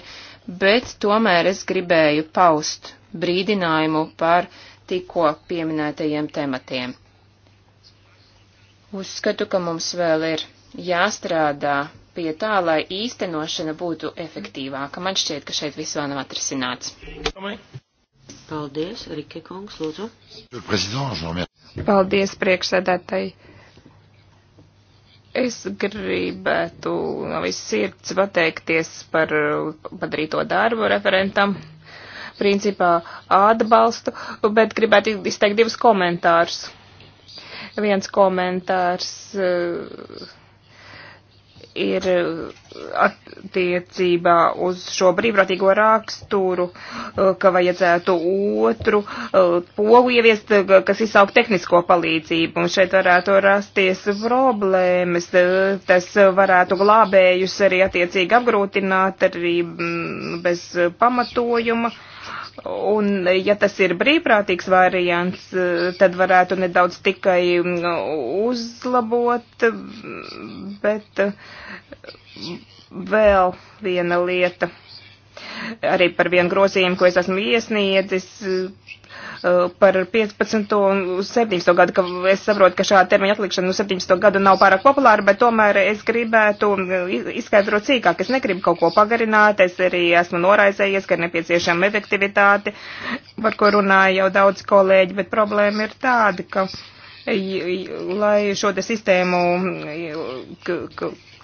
bet tomēr es gribēju paust brīdinājumu par tikko pieminētajiem tematiem. Uzskatu, ka mums vēl ir jāstrādā pie tā, lai īstenošana būtu efektīvāka. Man šķiet, ka šeit viss vēl nav atrisināts. Paldies, Rike Kungs, lūdzu. Paldies, priekšsēdētāji. Es gribētu no visas sirds pateikties par padarīto darbu referentam. Principā atbalstu, bet gribētu izteikt divus komentārus. Viens komentārs. Uh, ir uh, attiecībā uz šo brīvprātīgo raksturu, uh, ka vajadzētu otru uh, pogu ieviest, kas izsauk tehnisko palīdzību, un šeit varētu rasties problēmas, tas varētu glābējus arī attiecīgi apgrūtināt arī mm, bez pamatojuma. Uh, Un, ja tas ir brīvprātīgs variants, tad varētu nedaudz tikai mm, uzlabot, bet mm, vēl viena lieta arī par vienu grozījumu, ko es esmu iesniedzis eh, eh, par 15. un 17. gadu, ka es saprotu, ka šāda termiņa atlikšana uz 17. gadu nav pārāk populāra, bet tomēr es gribētu um, izskaidrot cīkāk. Es negribu kaut ko pagarināt, es arī esmu noraizējies, ka ir nepieciešama efektivitāte, par ko runāja jau daudz kolēģi, bet problēma ir tāda, ka lai šo te sistēmu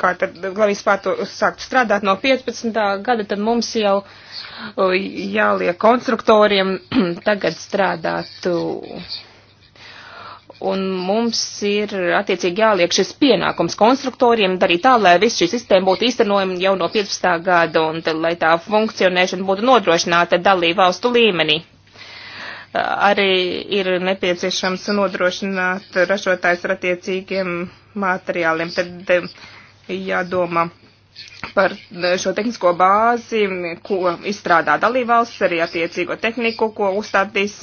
kā tad, lai vispār to sāktu strādāt no 15. gada, tad mums jau jāliek konstruktoriem tagad strādāt. Un mums ir attiecīgi jāliek šis pienākums konstruktoriem darīt tā, lai viss šī sistēma būtu īstenojama jau no 15. gada un tad, lai tā funkcionēšana būtu nodrošināta dalību valstu līmenī arī ir nepieciešams nodrošināt ražotājs ar attiecīgiem materiāliem. Tad jādomā par šo tehnisko bāzi, ko izstrādā dalībvalsts, arī attiecīgo tehniku, ko uzstādīs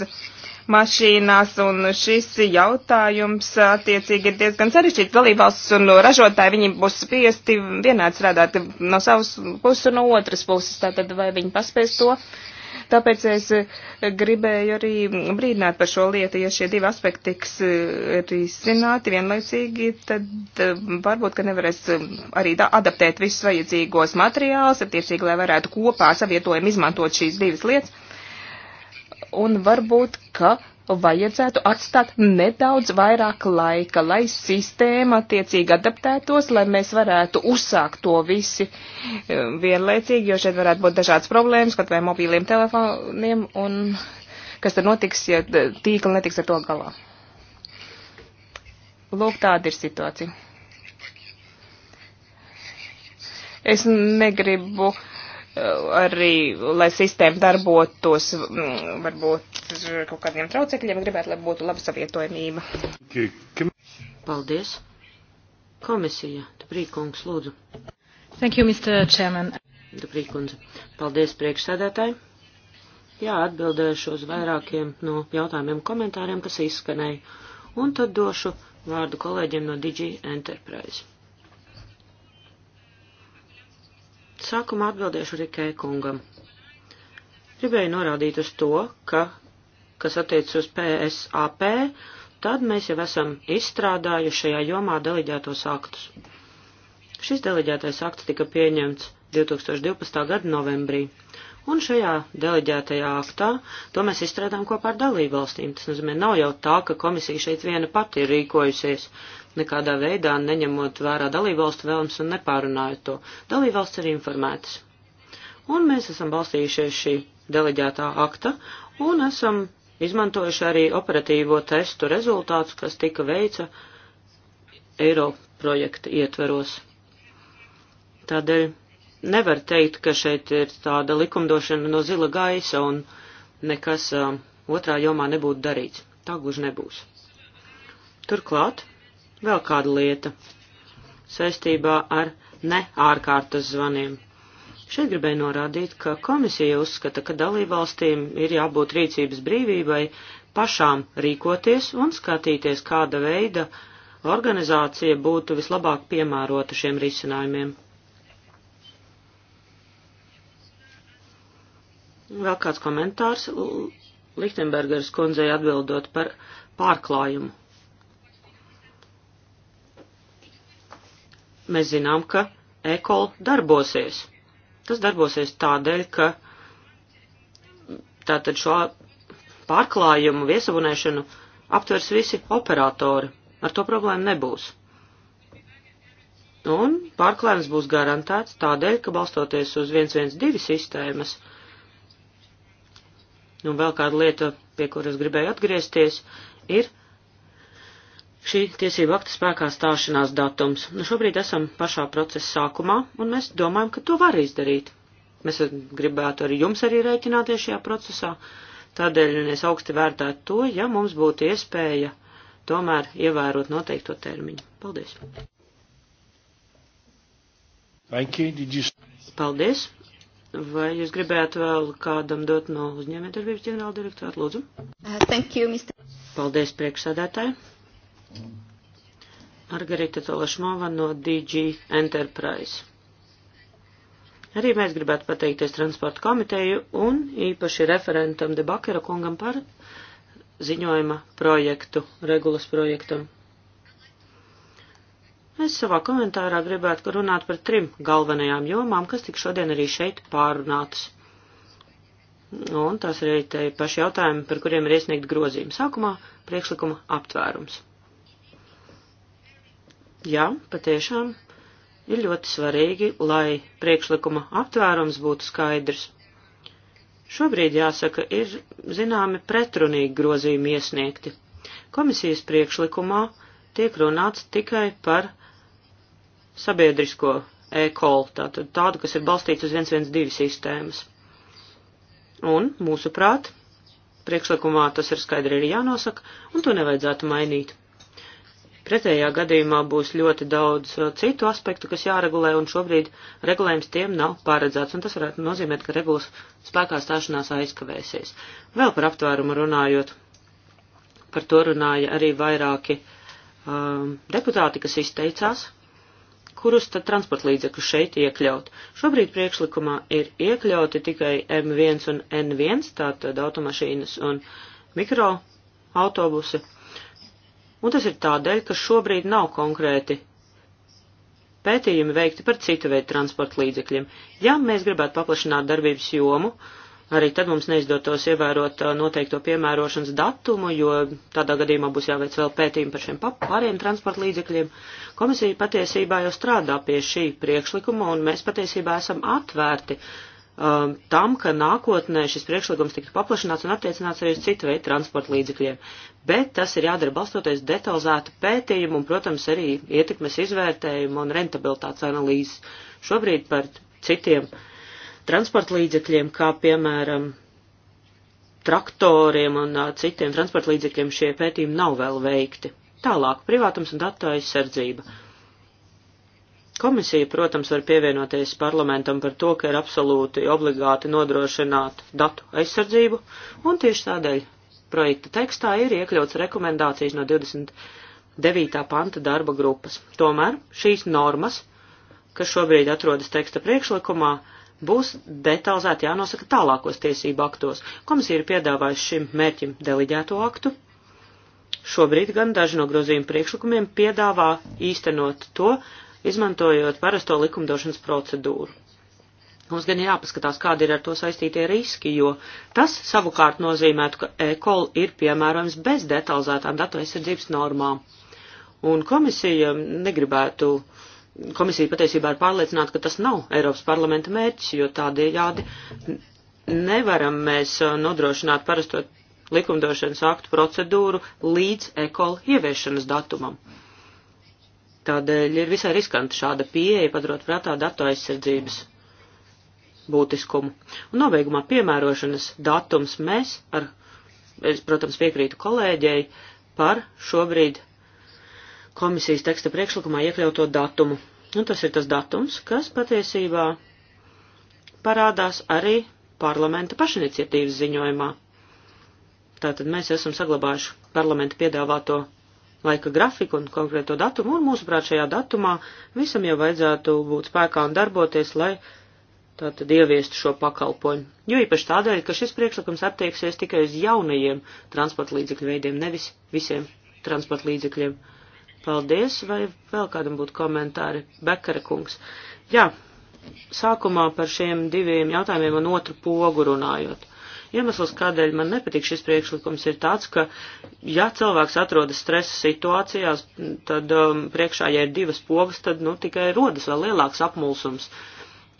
mašīnās, un šis jautājums attiecīgi ir diezgan sarežģīts. Dalībvalsts un ražotāji viņi būs spiesti vienādi strādāt no savas puses un no otras puses, tātad vai viņi paspēs to. Tāpēc es gribēju arī brīdināt par šo lietu, ja šie divi aspekti tiks eh, risināti vienlaicīgi, tad eh, varbūt, ka nevarēs eh, arī adaptēt visus vajadzīgos materiālus, attiecīgi, lai varētu kopā savietojumi izmantot šīs divas lietas un varbūt, ka vajadzētu atstāt nedaudz vairāk laika, lai sistēma attiecīgi adaptētos, lai mēs varētu uzsākt to visi um, vienlaicīgi, jo šeit varētu būt dažādas problēmas, kaut vai mobīliem telefoniem, un kas tad notiks, ja tīkli netiks ar to galā. Lūk, tāda ir situācija. Es negribu uh, arī, lai sistēma darbotos, varbūt kaut kādiem traucekļiem, gribētu, lai būtu laba savietojamība. Paldies. Komisija, Duprīkungs, lūdzu. Thank you, Mr. Chairman. Duprīkundze. Paldies, priekšsēdētāji. Jā, atbildēšu uz vairākiem no jautājumiem komentāriem, kas izskanēja, un tad došu vārdu kolēģiem no Digi Enterprise. Sākumā atbildēšu Rikai kungam. Gribēju norādīt uz to, ka, kas attiec uz PSAP, tad mēs jau esam izstrādājuši šajā jomā deleģētos aktus. Šis deleģētais akts tika pieņemts 2012. gada novembrī, un šajā deleģētajā aktā to mēs izstrādājam kopā ar dalību valstīm. Tas nozīmē, nav jau tā, ka komisija šeit viena pati ir rīkojusies nekādā veidā neņemot vērā dalībvalstu vēlmes un nepārunājot to. Dalībvalsts ir informētas. Un mēs esam balstījušies šī deleģētā akta un esam izmantojuši arī operatīvo testu rezultātus, kas tika veica Eiro projekta ietveros. Tādēļ nevar teikt, ka šeit ir tāda likumdošana no zila gaisa un nekas uh, otrā jomā nebūtu darīts. Tā gluži nebūs. Turklāt Vēl kāda lieta saistībā ar ne ārkārtas zvaniem. Šeit gribēju norādīt, ka komisija uzskata, ka dalībvalstīm ir jābūt rīcības brīvībai pašām rīkoties un skatīties, kāda veida organizācija būtu vislabāk piemērota šiem risinājumiem. Vēl kāds komentārs Lichtenbergers kundzei atbildot par pārklājumu Mēs zinām, ka ekol darbosies. Tas darbosies tādēļ, ka tātad šo pārklājumu, viesavunēšanu aptvers visi operatori. Ar to problēmu nebūs. Un pārklājums būs garantēts tādēļ, ka balstoties uz 112 sistēmas, un vēl kāda lieta, pie kuras gribēju atgriezties, ir šī tiesība akta spēkā stāšanās datums. Nu, šobrīd esam pašā procesa sākumā, un mēs domājam, ka to var izdarīt. Mēs gribētu arī jums arī rēķināties šajā procesā, tādēļ nu, es augsti vērtētu to, ja mums būtu iespēja tomēr ievērot noteikto termiņu. Paldies! You... Paldies! Vai jūs gribētu vēl kādam dot no uzņēmējdarbības ģenerāla direktorāta? Lūdzu. Uh, thank you, Mr. Paldies, priekšsādātāji. Margarita Tolašmova no DG Enterprise. Arī mēs gribētu pateikties transporta komiteju un īpaši referentam Debakera kungam par ziņojuma projektu, regulas projektam. Es savā komentārā gribētu runāt par trim galvenajām jomām, kas tik šodien arī šeit pārunātas. Un tās arī te paši jautājumi, par kuriem ir iesniegt grozījumi. Sākumā priekšlikuma aptvērums. Jā, patiešām ir ļoti svarīgi, lai priekšlikuma aptvērums būtu skaidrs. Šobrīd, jāsaka, ir zināmi pretrunīgi grozījumi iesniegti. Komisijas priekšlikumā tiek runāts tikai par sabiedrisko e-call, tātad tādu, kas ir balstīts uz 112 sistēmas. Un, mūsuprāt, priekšlikumā tas ir skaidri arī jānosaka, un to nevajadzētu mainīt. Pretējā gadījumā būs ļoti daudz uh, citu aspektu, kas jāregulē, un šobrīd regulējums tiem nav paredzēts, un tas varētu nozīmēt, ka regulas spēkā stāšanās aizkavēsies. Vēl par aptvērumu runājot, par to runāja arī vairāki um, deputāti, kas izteicās, kurus tad transporta līdzekļu šeit iekļaut. Šobrīd priekšlikumā ir iekļauti tikai M1 un N1, tātad automašīnas un mikro autobusi, Un tas ir tādēļ, ka šobrīd nav konkrēti pētījumi veikti par citu veidu transporta līdzekļiem. Ja mēs gribētu paplašināt darbības jomu, arī tad mums neizdotos ievērot uh, noteikto piemērošanas datumu, jo tādā gadījumā būs jāveic vēl pētījumi par šiem pāriem transporta līdzekļiem. Komisija patiesībā jau strādā pie šī priekšlikuma, un mēs patiesībā esam atvērti um, tam, ka nākotnē šis priekšlikums tiktu paplašināts un attiecināts arī uz citu veidu transporta līdzekļiem. Bet tas ir jādara balstoties detalizētu pētījumu un, protams, arī ietekmes izvērtējumu un rentabilitātes analīzes. Šobrīd par citiem transporta līdzekļiem, kā piemēram traktoriem un uh, citiem transporta līdzekļiem, šie pētījumi nav vēl veikti. Tālāk, privātums un datu aizsardzība. Komisija, protams, var pievienoties parlamentam par to, ka ir absolūti obligāti nodrošināt datu aizsardzību, un tieši tādēļ projekta tekstā ir iekļauts rekomendācijas no 29. panta darba grupas. Tomēr šīs normas, kas šobrīd atrodas teksta priekšlikumā, būs detalizēti jānosaka tālākos tiesību aktos. Komisija ir piedāvājusi šim mērķim deliģēto aktu. Šobrīd gan daži no grozījuma priekšlikumiem piedāvā īstenot to, izmantojot parasto likumdošanas procedūru. Mums gan jāpaskatās, kādi ir ar to saistītie riski, jo tas savukārt nozīmētu, ka e-kola ir piemērojams bez detalizētām datu aizsardzības normām. Un komisija negribētu, komisija patiesībā ir pārliecināta, ka tas nav Eiropas parlamenta mērķis, jo tādējādi nevaram mēs nodrošināt parastot likumdošanas aktu procedūru līdz e-kola ieviešanas datumam. Tādēļ ir visai riskanti šāda pieeja padarot prātā datu aizsardzības būtiskumu. Un nobeigumā piemērošanas datums mēs ar, es, protams, piekrītu kolēģei par šobrīd komisijas teksta priekšlikumā iekļauto datumu. Un tas ir tas datums, kas patiesībā parādās arī parlamenta pašiniciatīvas ziņojumā. Tātad mēs esam saglabājuši parlamenta piedāvāto laika grafiku un konkrēto datumu, un mūsuprāt šajā datumā visam jau vajadzētu būt spēkā un darboties, lai tātad ieviestu šo pakalpojumu. Jo īpaši tādēļ, ka šis priekšlikums attieksies tikai uz jaunajiem transporta līdzekļu veidiem, nevis visiem transporta līdzekļiem. Paldies, vai vēl kādam būtu komentāri? Bekara kungs. Jā, sākumā par šiem diviem jautājumiem un otru pogu runājot. Iemesls, kādēļ man nepatīk šis priekšlikums, ir tāds, ka, ja cilvēks atrodas stresa situācijās, tad um, priekšā, ja ir divas pogas, tad, nu, tikai rodas vēl lielāks apmulsums. Uh,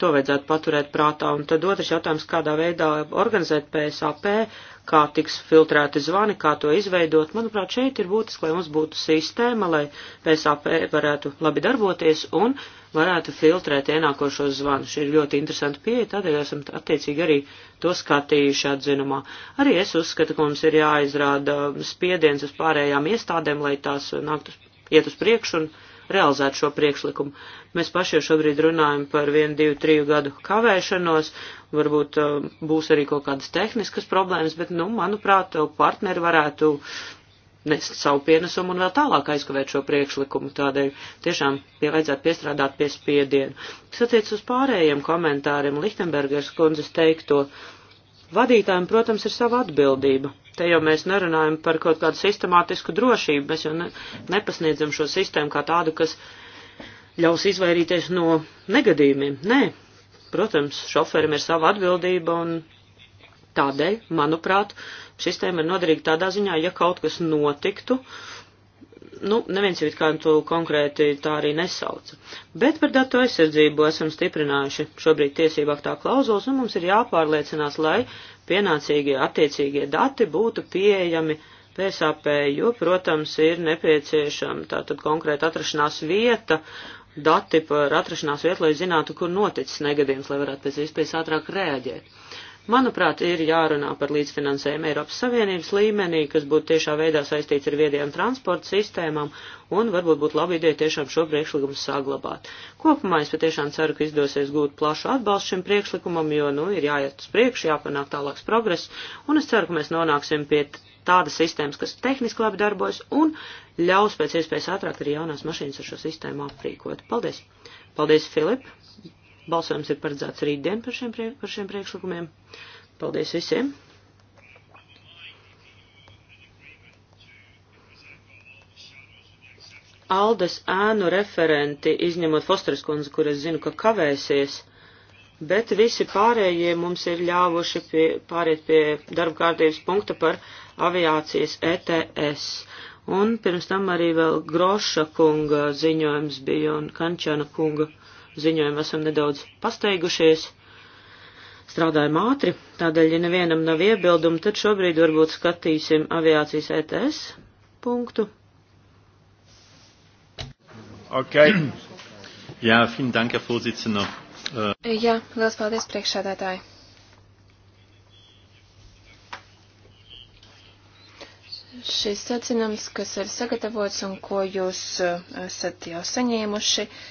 To vajadzētu paturēt prātā. Un tad otrs jautājums, kādā veidā organizēt PSAP, kā tiks filtrēti zvani, kā to izveidot. Manuprāt, šeit ir būtiski, lai mums būtu sistēma, lai PSAP varētu labi darboties un varētu filtrēt ienākošos zvanus. Šī ir ļoti interesanta pieeja, tādēļ esam attiecīgi arī to skatījuši atzinumā. Arī es uzskatu, ka mums ir jāizrāda spiediens uz pārējām iestādēm, lai tās nāktu iet uz priekšu un realizētu šo priekšlikumu. Mēs paši jau šobrīd runājam par vienu, divu, triju gadu kavēšanos, varbūt uh, būs arī kaut kādas tehniskas problēmas, bet, nu, manuprāt, partneri varētu nest savu pienesumu un vēl tālāk aizkavēt šo priekšlikumu. Tādēļ tiešām pie vajadzētu piestrādāt pie spiedienu. Kas attiec uz pārējiem komentāriem, Lichtenbergers kundzes teikto, uh, Vadītājiem, protams, ir sava atbildība. Te jau mēs nerunājam par kaut kādu sistemātisku drošību, mēs jau ne, nepasniedzam šo sistēmu kā tādu, kas ļaus izvairīties no negadījumiem. Nē, protams, šoferim ir sava atbildība un tādēļ, manuprāt, sistēma ir noderīga tādā ziņā, ja kaut kas notiktu, uh, nu, neviens jau it kā to konkrēti tā arī nesauca. Bet par datu aizsardzību esam stiprinājuši šobrīd tiesību aktā klauzulas, un mums ir jāpārliecinās, lai pienācīgie attiecīgie dati būtu pieejami PSAP, jo, protams, ir nepieciešama tātad konkrēta atrašanās vieta, dati par atrašanās vietu, lai zinātu, kur noticis negadījums, lai varētu pēc iespējas ātrāk rēģēt. Manuprāt, ir jārunā par līdzfinansējumu Eiropas Savienības līmenī, kas būtu tiešā veidā saistīts ar viediem transporta sistēmām, un varbūt būtu labi ideja tiešām šo priekšlikumu saglabāt. Kopumā es patiešām ceru, ka izdosies gūt plašu atbalstu šim priekšlikumam, jo, nu, ir jāiet uz priekšu, jāpanāk tālāks progress, un es ceru, ka mēs nonāksim pie tādas sistēmas, kas tehniski labi darbojas un ļaus pēc iespējas ātrāk arī jaunās mašīnas ar šo sistēmu aprīkot. Paldies! Paldies, Filip! Balsojums ir paredzēts rītdien par šiem, priek par šiem priekšlikumiem. Paldies visiem! Aldes ēnu referenti, izņemot Fosteris kundzi, kur es zinu, ka kavēsies, bet visi pārējie mums ir ļāvuši pie, pāriet pie darba kārtības punkta par aviācijas ETS. Un pirms tam arī vēl Groša kunga ziņojums bija un Kančana kunga ziņojumu esam nedaudz pasteigušies, strādājam ātri, tādēļ, ja nevienam nav iebildumu, tad šobrīd varbūt skatīsim aviācijas ETS punktu. Okay. Jā, vielen Dank, Herr Vorsitzender. Uh... Jā, liels paldies priekšsēdētāji. Šis secinājums, kas ir sagatavots un ko jūs äh, esat jau saņēmuši, uh,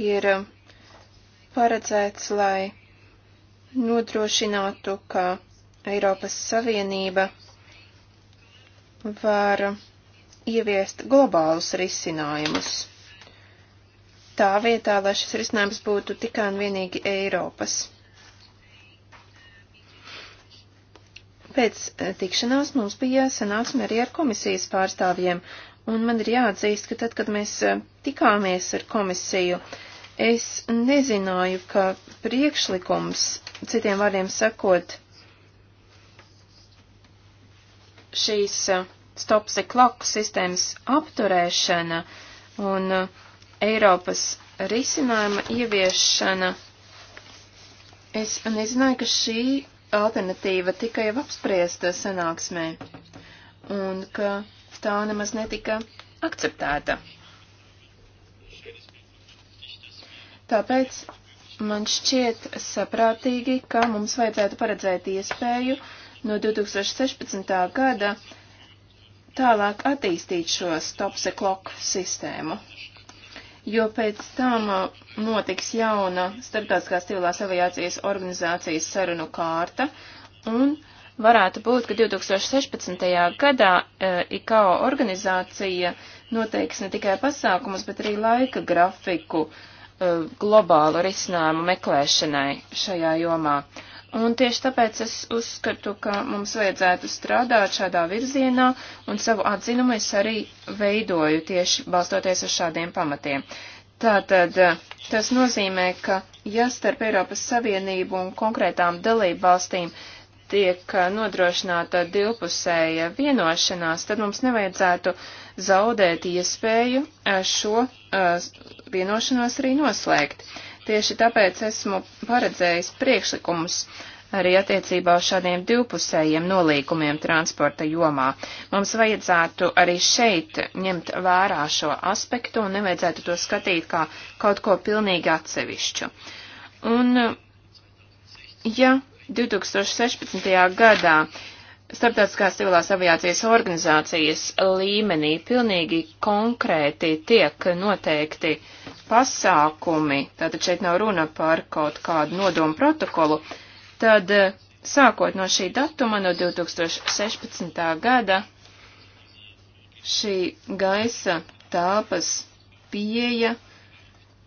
ir um, paredzēts, lai nodrošinātu, ka Eiropas Savienība var ieviest globālus risinājumus. Tā vietā, lai šis risinājums būtu tikai un vienīgi Eiropas. Pēc tikšanās mums bija sanāksme arī ar komisijas pārstāvjiem, un man ir jāatzīst, ka tad, kad mēs uh, tikāmies ar komisiju, uh, Es nezināju, ka priekšlikums, citiem vārdiem sakot, šīs uh, stop the clock sistēmas apturēšana un uh, Eiropas risinājuma ieviešana, es nezināju, ka šī alternatīva tika jau apspriesta sanāksmē un ka tā nemaz netika akceptēta. Tāpēc man šķiet saprātīgi, ka mums vajadzētu paredzēt iespēju no 2016. gada tālāk attīstīt šo stop the clock sistēmu. Jo pēc tam notiks jauna starptautiskās civilās aviācijas organizācijas sarunu kārta un varētu būt, ka 2016. gadā e, ICAO organizācija noteiks ne tikai pasākumus, bet arī laika grafiku uh, Eh, globālu risinājumu meklēšanai šajā jomā. Un tieši tāpēc es uzskatu, ka mums vajadzētu strādāt šādā virzienā, un savu atzinumu es arī veidoju tieši balstoties uz šādiem pamatiem. Tātad eh, tas nozīmē, ka ja starp Eiropas Savienību un konkrētām dalību valstīm tiek eh, nodrošināta divpusēja vienošanās, tad mums nevajadzētu uh, zaudēt iespēju eh, šo eh, vienošanos arī noslēgt. Tieši tāpēc esmu paredzējis priekšlikumus arī attiecībā uz šādiem divpusējiem nolīkumiem transporta jomā. Mums vajadzētu arī šeit ņemt vērā šo aspektu un nevajadzētu to skatīt kā kaut ko pilnīgi atsevišķu. Un, ja 2016. gadā starptautiskās civilās aviācijas organizācijas līmenī pilnīgi konkrēti tiek noteikti pasākumi, tātad šeit nav runa par kaut kādu nodomu protokolu, tad eh, sākot no šī datuma, no 2016. gada, šī gaisa telpas pieeja,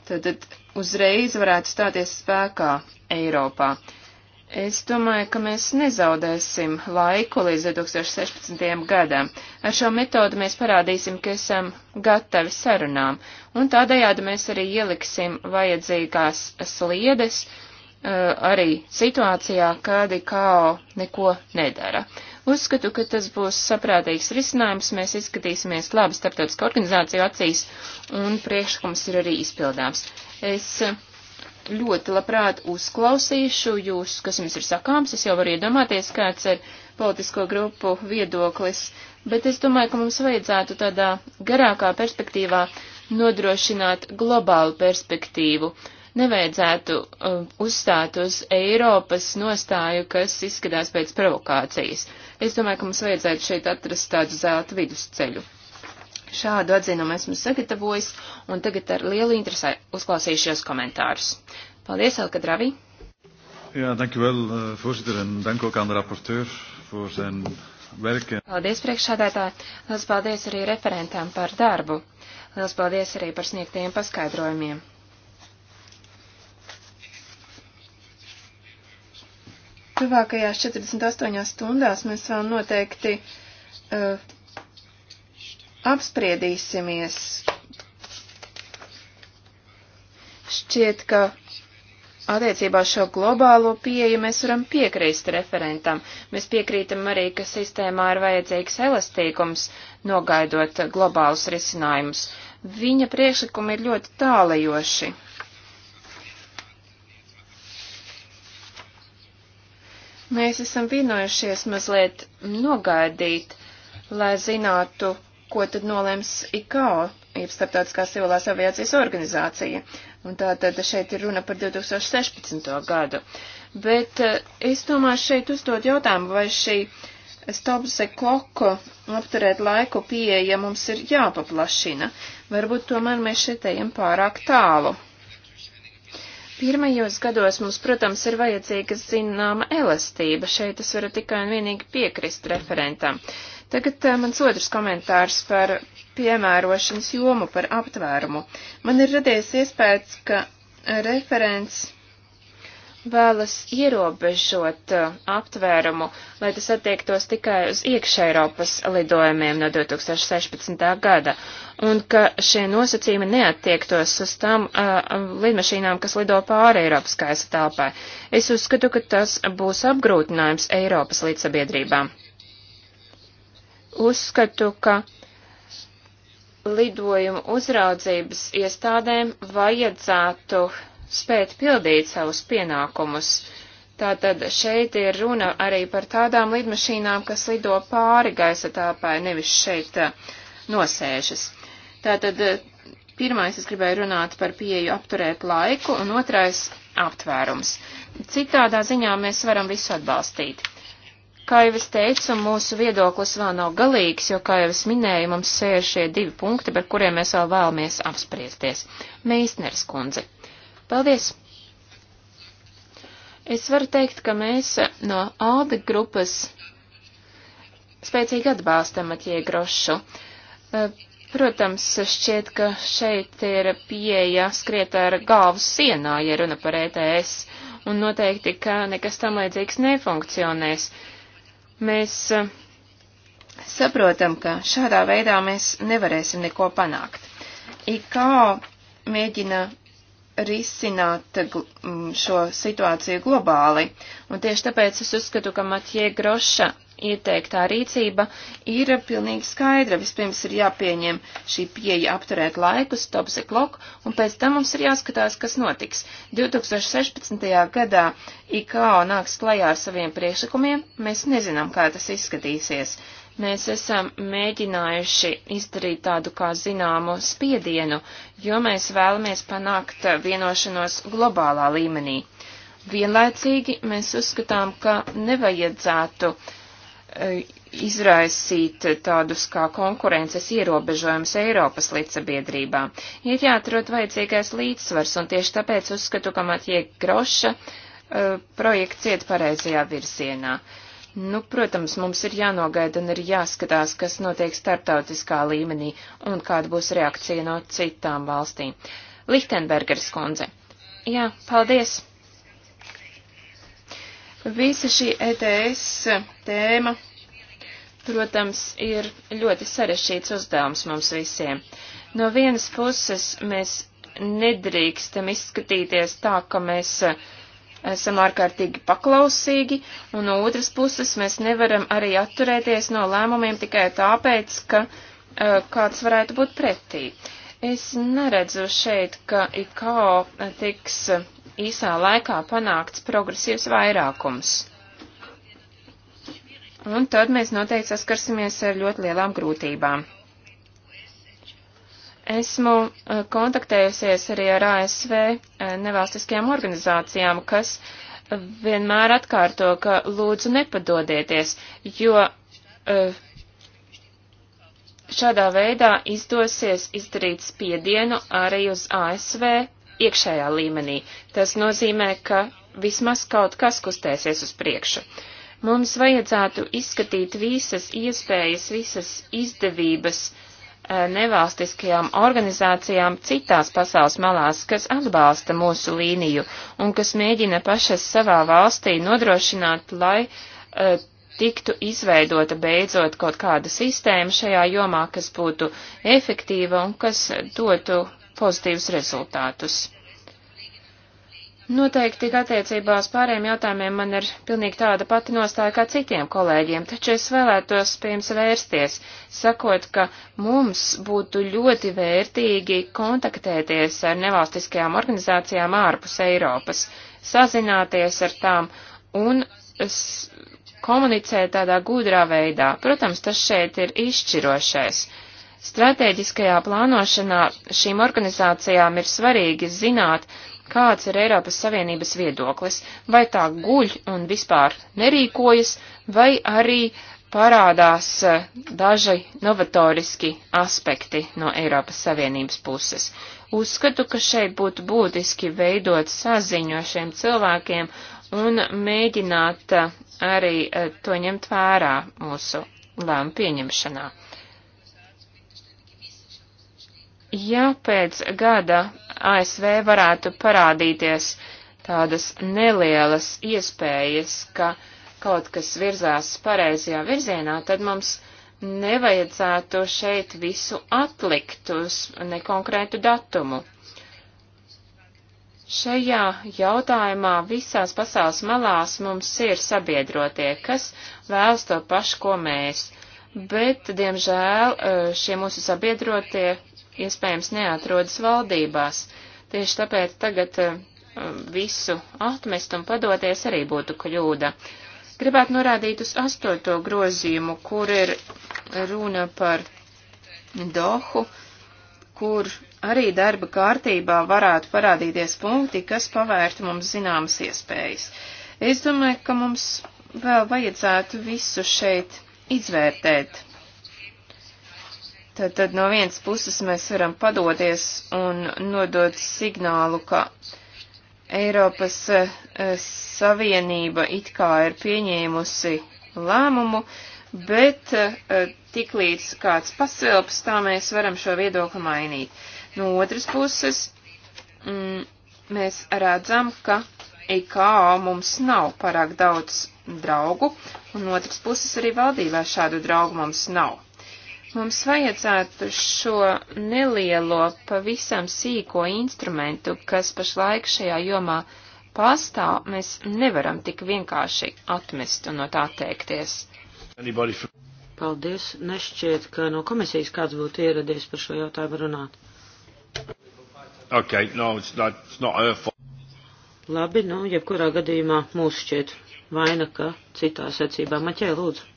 tad uzreiz varētu stāties spēkā Eiropā. Es domāju, ka mēs nezaudēsim laiku līdz 2016. gadam. Ar šo metodu mēs parādīsim, ka esam gatavi sarunām, un tādējādi mēs arī ieliksim vajadzīgās sliedes eh, arī situācijā, kādi kā neko nedara. Uzskatu, ka tas būs saprātīgs risinājums, mēs izskatīsimies labi starptautiskā organizācija acīs, un priekšlikums ir arī izpildāms. Es eh, ļoti labprāt uzklausīšu jūs, kas jums ir sakāms. Es jau varu iedomāties, kāds ir politisko grupu viedoklis, bet es domāju, ka mums vajadzētu tādā garākā perspektīvā nodrošināt globālu perspektīvu. Nevajadzētu uh, uzstāt uz Eiropas nostāju, kas izskatās pēc provokācijas. Es domāju, ka mums vajadzētu šeit atrast tādu zelta vidusceļu. Šādu atzinumu esmu sagatavojis, un tagad ar lielu interesi uzklausīšu jūs komentārus. Paldies, Elka Dravi! Jā, dankjewel, uh, voorzitter, en dank ook aan de rapporteur voor zijn werk. Paldies, priekšsādātāji! Lielas paldies arī referentām par darbu! Lielas paldies arī par sniegtajiem paskaidrojumiem! Tuvākajās 48 stundās mēs vēl noteikti uh, apspriedīsimies. Šķiet, ka Attiecībā šo globālo pieeju mēs varam piekrīst referentam. Mēs piekrītam arī, ka sistēmā ir vajadzīgs elastīgums, nogaidot globālus risinājumus. Viņa priekšlikumi ir ļoti tālajoši. Mēs esam vienojušies mazliet nogaidīt, lai zinātu, ko tad nolems ICAO, jeb Startautiskā civilās aviācijas organizācija. Un tā tad šeit ir runa par 2016. gadu. Bet eh, es domāju šeit uzdot jautājumu, vai šī stopse kloku apturēt laiku pieeja mums ir jāpaplašina. Varbūt tomēr mēs šeit ejam pārāk tālu. Pirmajos gados mums, protams, ir vajadzīga zināma elastība. Šeit es varu tikai un vienīgi piekrist referentam. Tagad eh, mans otrs komentārs par piemērošanas jomu, par aptvērumu. Man ir radies iespējas, ka referents vēlas ierobežot eh, aptvērumu, lai tas attiektos tikai uz iekšē Eiropas lidojumiem no 2016. gada, un ka šie nosacījumi neattiektos uz tām uh, lidmašīnām, kas lido pāri Eiropas gaisa telpai. Es uzskatu, ka tas būs apgrūtinājums Eiropas līdzsabiedrībām uzskatu, ka lidojumu uzraudzības iestādēm vajadzētu spēt pildīt savus pienākumus. Tātad šeit ir runa arī par tādām lidmašīnām, kas lido pāri gaisa tāpai, nevis šeit eh, nosēžas. Tātad eh, pirmais es gribēju runāt par pieeju apturēt laiku, un otrais aptvērums. Citādā ziņā mēs varam visu atbalstīt. Kā jau es teicu, mūsu viedoklis vēl nav galīgs, jo, kā jau es minēju, mums sēž šie divi punkti, par kuriem mēs vēl vēlamies apspriesties. Meisners kundze. Paldies! Es varu teikt, ka mēs no ALDE grupas spēcīgi atbalstam Atjē Grošu. E, protams, šķiet, ka šeit ir pieeja skriet ar galvu sienā, ja runa par ETS, un noteikti, ka nekas tam līdzīgs nefunkcionēs, Mēs eh, saprotam, ka šādā veidā mēs nevarēsim neko panākt. IKO mēģina risināt mm, šo situāciju globāli, un tieši tāpēc es uzskatu, ka Matjē Groša ieteiktā rīcība ir pilnīgi skaidra. Vispirms ir jāpieņem šī pieeja apturēt laiku, stop the clock, un pēc tam mums ir jāskatās, kas notiks. 2016. gadā IKO nāks klajā ar saviem priekšlikumiem, mēs nezinām, kā tas izskatīsies. Mēs esam mēģinājuši izdarīt tādu kā zināmu spiedienu, jo mēs vēlamies panākt vienošanos globālā līmenī. Vienlaicīgi mēs uzskatām, ka nevajadzētu uh, Eh, izraisīt tādus kā konkurences ierobežojumus Eiropas līdzsabiedrībā. Ir jāatrod vajadzīgais līdzsvars, un tieši tāpēc uzskatu, ka Matie Groša uh, projekts iet pareizajā virzienā. Nu, protams, mums ir jānogaida un ir jāskatās, kas notiek starptautiskā līmenī un kāda būs reakcija no citām valstīm. Lichtenbergers kundze. Jā, paldies! Visa šī ETS tēma, protams, ir ļoti sarešķīts uzdevums mums visiem. No vienas puses mēs nedrīkstam izskatīties tā, ka mēs eh, esam ārkārtīgi paklausīgi, un no otras puses mēs nevaram arī atturēties no lēmumiem tikai tāpēc, ka uh, kāds varētu būt pretī. Es neredzu šeit, ka IKO tiks īsā laikā panākts progresīvs vairākums. Un tad mēs noteikti saskarsimies ar ļoti lielām grūtībām. Esmu eh, kontaktējusies arī ar ASV eh, nevalstiskajām organizācijām, kas vienmēr atkārto, ka lūdzu nepadodieties, jo eh, šādā veidā izdosies izdarīt spiedienu arī uz ASV iekšējā līmenī. Tas nozīmē, ka vismaz kaut kas kustēsies uz priekšu. Mums vajadzētu izskatīt visas iespējas, visas izdevības eh, nevalstiskajām organizācijām citās pasaules malās, kas atbalsta mūsu līniju un kas mēģina pašas savā valstī nodrošināt, lai uh, tiktu izveidota beidzot kaut kāda sistēma šajā jomā, kas būtu efektīva un kas dotu pozitīvus rezultātus. Noteikti attiecībās pārējiem jautājumiem man ir pilnīgi tāda pati nostāja kā citiem kolēģiem, taču es vēlētos pie jums vērsties, sakot, ka mums būtu ļoti vērtīgi kontaktēties ar nevalstiskajām organizācijām ārpus Eiropas, sazināties ar tām un komunicēt tādā gudrā veidā. Protams, tas šeit ir izšķirošais. Stratēģiskajā plānošanā šīm organizācijām ir svarīgi zināt, kāds ir Eiropas Savienības viedoklis, vai tā guļ un vispār nerīkojas, vai arī parādās eh, daži novatoriski aspekti no Eiropas Savienības puses. Uzskatu, ka šeit būtu būtiski veidot saziņu ar šiem cilvēkiem un mēģināt eh, arī eh, to ņemt vērā mūsu lēmu pieņemšanā. Ja pēc gada ASV varētu parādīties tādas nelielas iespējas, ka kaut kas virzās pareizajā virzienā, tad mums nevajadzētu šeit visu atlikt uz nekonkrētu datumu. Šajā jautājumā visās pasaules malās mums ir sabiedrotie, kas vēlas to pašu, ko mēs, bet, diemžēl, šie mūsu sabiedrotie iespējams neatrodas valdībās. Tieši tāpēc tagad eh, visu atmest un padoties arī būtu kļūda. Gribētu norādīt uz astoto grozījumu, kur ir runa par Dohu, kur arī darba kārtībā varētu parādīties punkti, kas pavērtu mums zināmas iespējas. Es domāju, ka mums vēl vajadzētu visu šeit izvērtēt. Tad, tad no vienas puses mēs varam padoties un nodot signālu, ka Eiropas eh, Savienība it kā ir pieņēmusi lēmumu, bet eh, tiklīdz kāds pasvilps, tā mēs varam šo viedokli mainīt. No otras puses, mm, mēs redzam, ka IKO mums nav pārāk daudz draugu, un no otras puses arī valdībā šādu draugu mums nav. Mums vajadzētu šo nelielo, pavisam sīko instrumentu, kas pašlaik šajā jomā pastāv, mēs nevaram tik vienkārši atmest un no tā atteikties. Paldies. Nešķiet, ka no komisijas kāds būtu ieradies par šo jautājumu runāt. Okay, no, it's not, it's not Labi, nu, jebkurā gadījumā mūs šķiet vaina, ka citā secībā. Maķē, lūdzu.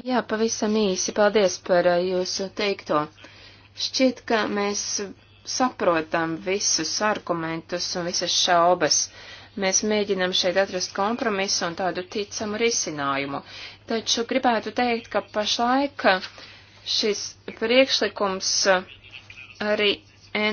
Jā, pavisam īsi, paldies par eh, jūsu teikto. Šķiet, ka mēs saprotam visus argumentus un visas šaubas. Mēs mēģinam šeit atrast kompromisu un tādu ticamu risinājumu. Taču gribētu teikt, ka pašlaik eh, šis priekšlikums eh, arī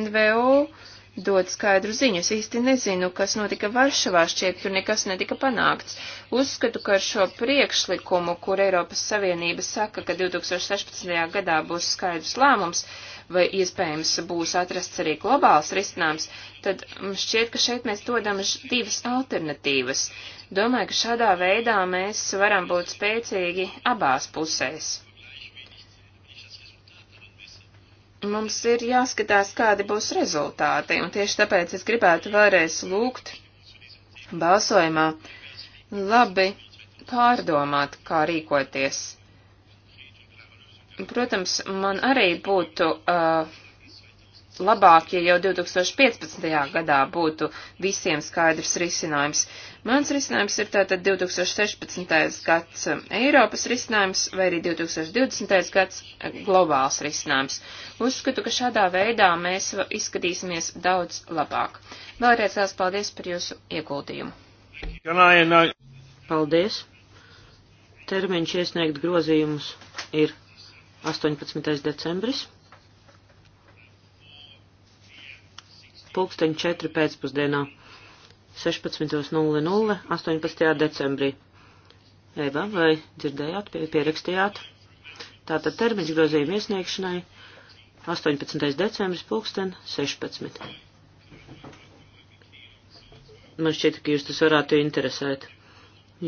NVO uh, dod skaidru ziņu. Es īsti nezinu, kas notika Varšavā, šķiet, tur nekas netika panākts. Uzskatu, ka ar šo priekšlikumu, kur Eiropas Savienība saka, ka 2016. gadā būs skaidrs lēmums, vai iespējams būs atrasts arī globāls risinājums, tad mm, šķiet, ka šeit mēs dodam divas alternatīvas. Domāju, ka šādā veidā mēs varam būt spēcīgi abās pusēs. mums ir jāskatās, kādi būs rezultāti, un tieši tāpēc es gribētu vēlreiz lūgt balsojumā labi pārdomāt, kā rīkoties. Protams, man arī būtu uh, labāk, ja jau 2015. gadā būtu visiem skaidrs risinājums. Mans risinājums ir tātad 2016. gads um, Eiropas risinājums vai arī 2020. gads uh, globāls risinājums. Uzskatu, ka šādā veidā mēs izskatīsimies daudz labāk. Vēlreiz tās paldies par jūsu ieguldījumu. Paldies. Termiņš iesniegt grozījumus ir 18. decembris. pulksteņu 4 pēcpusdienā 16.00 18. decembrī. Eva, vai dzirdējāt, pie, pierakstījāt? Tātad termiņš grozījuma iesniegšanai 18. decembris pulksten 16. Man šķiet, ka jūs tas varētu interesēt,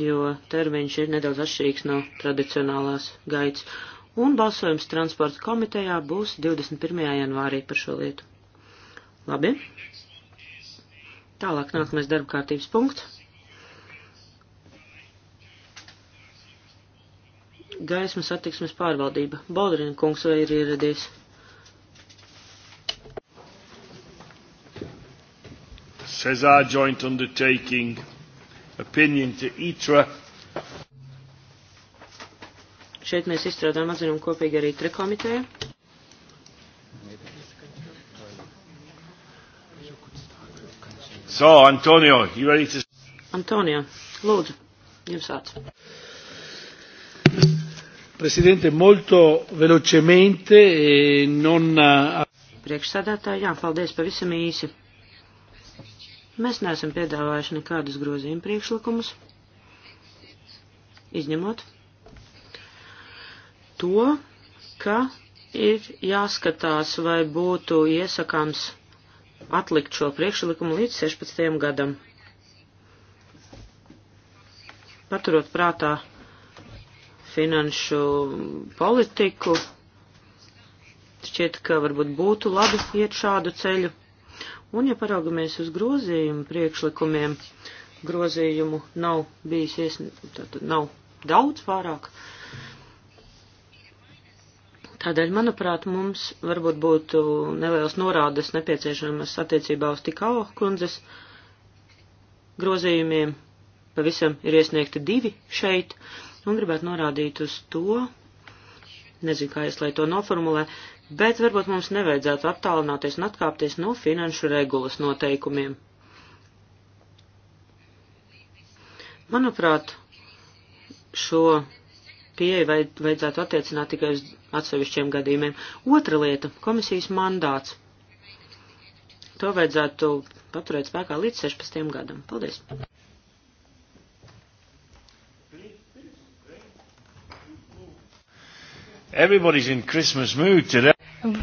jo termiņš ir nedaudz atšķirīgs no tradicionālās gaitas, un balsojums transporta komitejā būs 21. janvārī par šo lietu. Labi. Tālāk nākamais darba kārtības punkts. Gaismas attiksmes pārvaldība. Baudrina kungs vai ir ieradies? Cesar joint undertaking opinion to ITRA. Šeit mēs izstrādājam atzinumu kopīgi arī tre komiteja. So, Antonio, you ready to... Antonio, lūdzu, jums vārds. Presidente, molto velocemente e non... Eh, Priekšsēdētāji, jā, paldies pavisam īsi. Mēs neesam piedāvājuši nekādus grozījumu priekšlikumus, izņemot to, ka ir jāskatās, vai būtu iesakāms atlikt šo priekšlikumu līdz 16. gadam. Paturot prātā finanšu politiku, šķiet, ka varbūt būtu labi iet šādu ceļu. Un, ja paraugamies uz grozījumu priekšlikumiem, grozījumu nav bijis iesniegts, tad nav daudz pārāk. Uh, Tādēļ, manuprāt, mums varbūt būtu nelielas norādes nepieciešamas attiecībā uz tikau kundzes grozījumiem. Pavisam ir iesniegti divi šeit, un gribētu norādīt uz to, nezinu, kā es lai to noformulē, bet varbūt mums nevajadzētu attālināties un atkāpties no finanšu regulas noteikumiem. Manuprāt, šo pieeja vajad, vajadzētu attiecināt tikai uz atsevišķiem gadījumiem. Otra lieta - komisijas mandāts. To vajadzētu paturēt spēkā līdz 16. gadam. Paldies! Everybody's in Christmas mood today.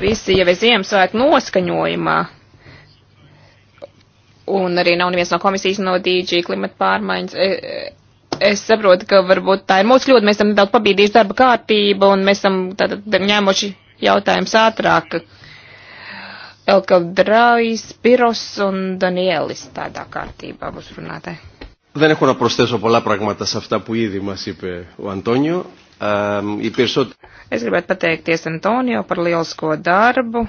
Visi jau ir Ziemassvētku noskaņojumā. Un arī nav neviens no komisijas no DG klimata pārmaiņas. E, e, Es saprotu, ka varbūt tā ir mūsu kļūda, mēs esam nedaudz pabīdījuši darba kārtību un mēs esam tātad ņēmuši jautājumus ātrāk. Elka Drais, Piros un Danielis tādā kārtībā būs runātāji. Δεν έχω να προσθέσω πολλά πράγματα σε αυτά που ήδη μας είπε ο Αντώνιο. Οι περισσότεροι... Es gribētu pateikties Antonio par lielisko darbu.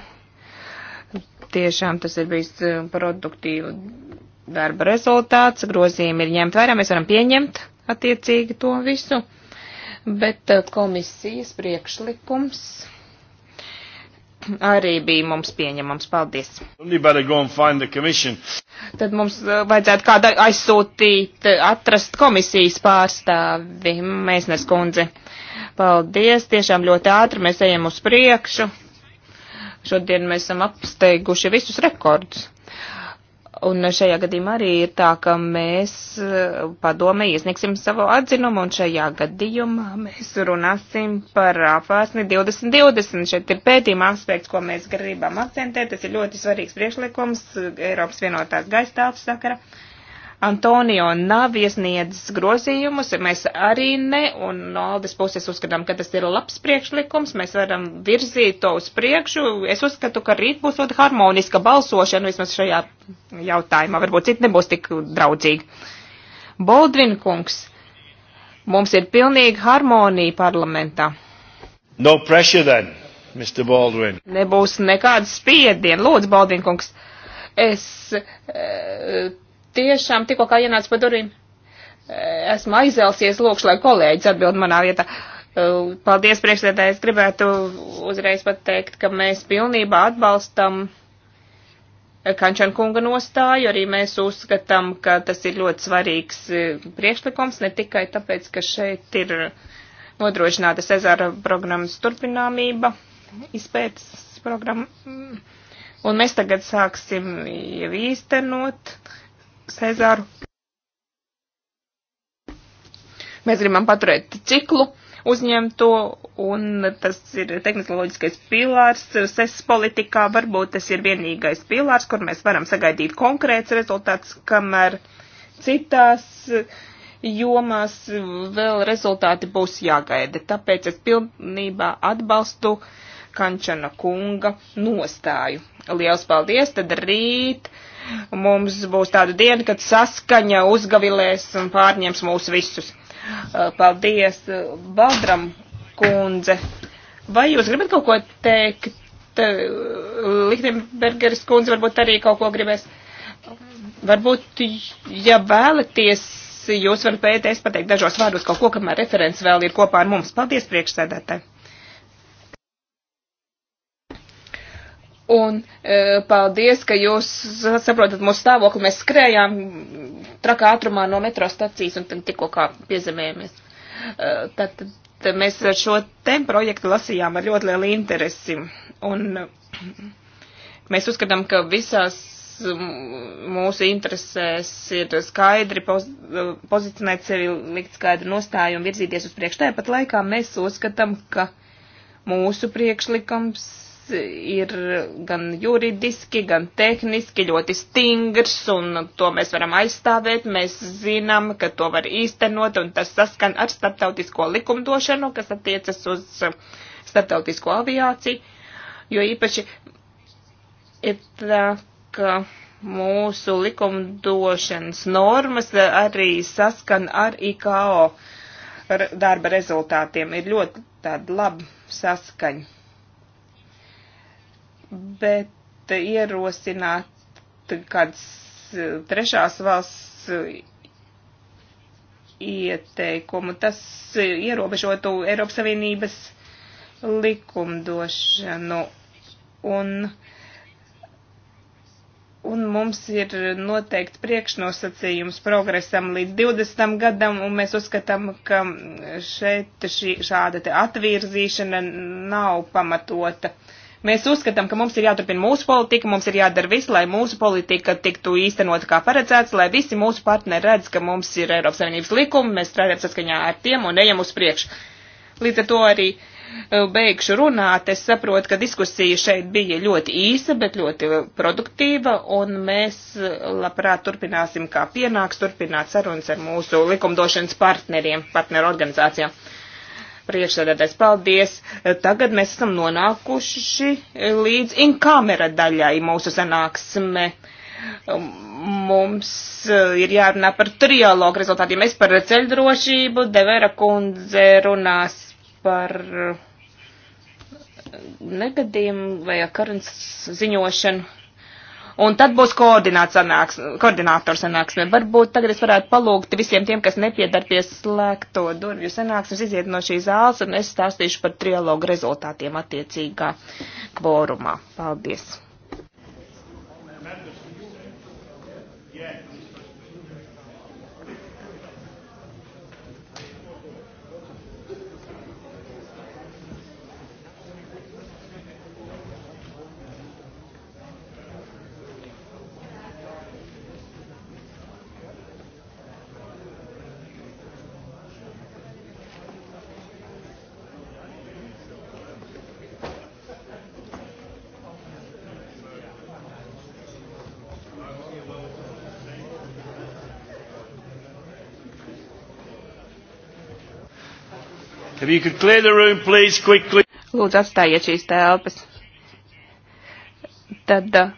Tiešām tas ir bijis eh, produktīvu darba rezultāts. Grozījumi ir ņemt vairāk, mēs varam pieņemt attiecīgi to visu, bet eh, komisijas priekšlikums arī bija mums pieņemams. Paldies. Tad mums eh, vajadzētu kādu aizsūtīt, eh, atrast komisijas pārstāvi, Mēsnes kundze. Paldies, tiešām ļoti ātri mēs ejam uz priekšu. Šodien mēs esam apsteiguši visus rekordus. Un šajā gadījumā arī ir tā, ka mēs eh, padome iesniegsim savu atzinumu, un šajā gadījumā mēs runāsim par apvērsni 2020. Šeit ir pētījuma aspekts, ko mēs gribam akcentēt. Tas ir ļoti svarīgs priekšlikums Eiropas vienotās gaistāps sakara. Uh, Antonio nav iesniedzis grozījumus, mēs arī ne, un no Aldes puses uzskatām, ka tas ir labs priekšlikums, mēs varam virzīt to uz priekšu. Es uzskatu, ka rīt būs ļoti harmoniska balsošana vismaz šajā jautājumā, varbūt citi nebūs tik draudzīgi. Boldvin kungs, mums ir pilnīga harmonija parlamentā. No pressure then, Mr. Baldwin. Nebūs nekādas spiediena. Lūdzu, Baldvin kungs, es. Uh, tiešām tikko kā ienāca pa durvīm. Eh, esmu aizelsies lūkšu, lai kolēģis atbild manā vietā. Eh, paldies, priekšsēdētāji. Es gribētu uzreiz pateikt, ka mēs pilnībā atbalstam Kančana kunga nostāju. Arī mēs uzskatām, ka tas ir ļoti svarīgs eh, priekšlikums, ne tikai tāpēc, ka šeit ir nodrošināta Cezara programmas turpināmība, izpētes programma. Un mēs tagad sāksim jau īstenot. Uh, Cezāru. Mēs gribam paturēt ciklu uzņemto, un tas ir tehnoloģiskais pilārs. SES politikā varbūt tas ir vienīgais pilārs, kur mēs varam sagaidīt konkrēts rezultāts, kamēr citās jomās vēl rezultāti būs jāgaida. Tāpēc es pilnībā atbalstu uh, Kančana kunga nostāju. Liels paldies! Tad rīt mums būs tāda diena, kad saskaņa uzgavilēs un pārņems mūs visus. Uh, paldies, uh, Badram kundze! Vai jūs gribat kaut ko teikt? Uh, Lichtenbergeris kundze varbūt arī kaut ko gribēs. Varbūt, ja vēlaties, jūs varat pēc es pateikt dažos vārdos kaut ko, kamēr referents vēl ir kopā ar mums. Paldies, priekšsēdētāji! Un e, paldies, ka jūs saprotat mūsu stāvokli. Mēs skrējām trakā ātrumā no metro stacijas un tad tikko kā piezemējamies. E, tad, tad mēs šo te projektu lasījām ar ļoti lielu interesi. Un e, mēs uzskatām, ka visās mūsu interesēs ir skaidri poz, e, pozicionēt sevi, likt skaidru nostāju un virzīties uz priekšu. Tāpat laikā mēs uzskatām, ka mūsu priekšlikums ir gan juridiski, gan tehniski ļoti stingrs, un to mēs varam aizstāvēt. Mēs zinām, ka to var īstenot, un tas saskan ar starptautisko likumdošanu, kas attiecas uz uh, starptautisko aviāciju, jo īpaši ir tā, ka mūsu likumdošanas normas arī saskan ar IKO darba rezultātiem. Ir ļoti tāda laba saskaņa bet ierosināt kādas eh, trešās valsts eh, ieteikumu. Tas eh, ierobežotu Eiropas Savienības likumdošanu. Un, un mums ir noteikti priekšnosacījums progresam līdz 20 gadam, un mēs uzskatām, ka šeit šī, šāda te atvirzīšana nav pamatota. Uh, Mēs uzskatām, ka mums ir jāturpina mūsu politika, mums ir jādara viss, lai mūsu politika tiktu īstenota kā paredzēts, lai visi mūsu partneri redz, ka mums ir Eiropas Savienības likumi, mēs strādājam saskaņā ar tiem un ejam uz priekšu. Līdz ar to arī e, beigšu runāt. Es saprotu, ka diskusija šeit bija ļoti īsa, bet ļoti produktīva, un mēs e, labprāt turpināsim, kā pienāks, turpināt sarunas ar mūsu likumdošanas partneriem, partneru organizācijām. Priekšsēdētājs, paldies. Tagad mēs esam nonākuši līdz inkamera daļai mūsu sanāksme. Mums ir jārunā par trialogu rezultātiem. Es par ceļdrošību, Devera kundze runās par negadījumu vai karants ziņošanu un tad būs sanāks, koordinātors sanāksme. Varbūt tagad es varētu palūgt visiem tiem, kas nepiedar pie slēgto durvju sanāksmes, iziet no šīs zāles, un es stāstīšu par trialogu rezultātiem attiecīgā kvorumā. Paldies! Room, please, Lūdzu, atstājiet šīs telpas. Tad uh,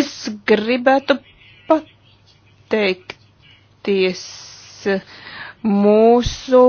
es gribētu pateikties uh, mūsu.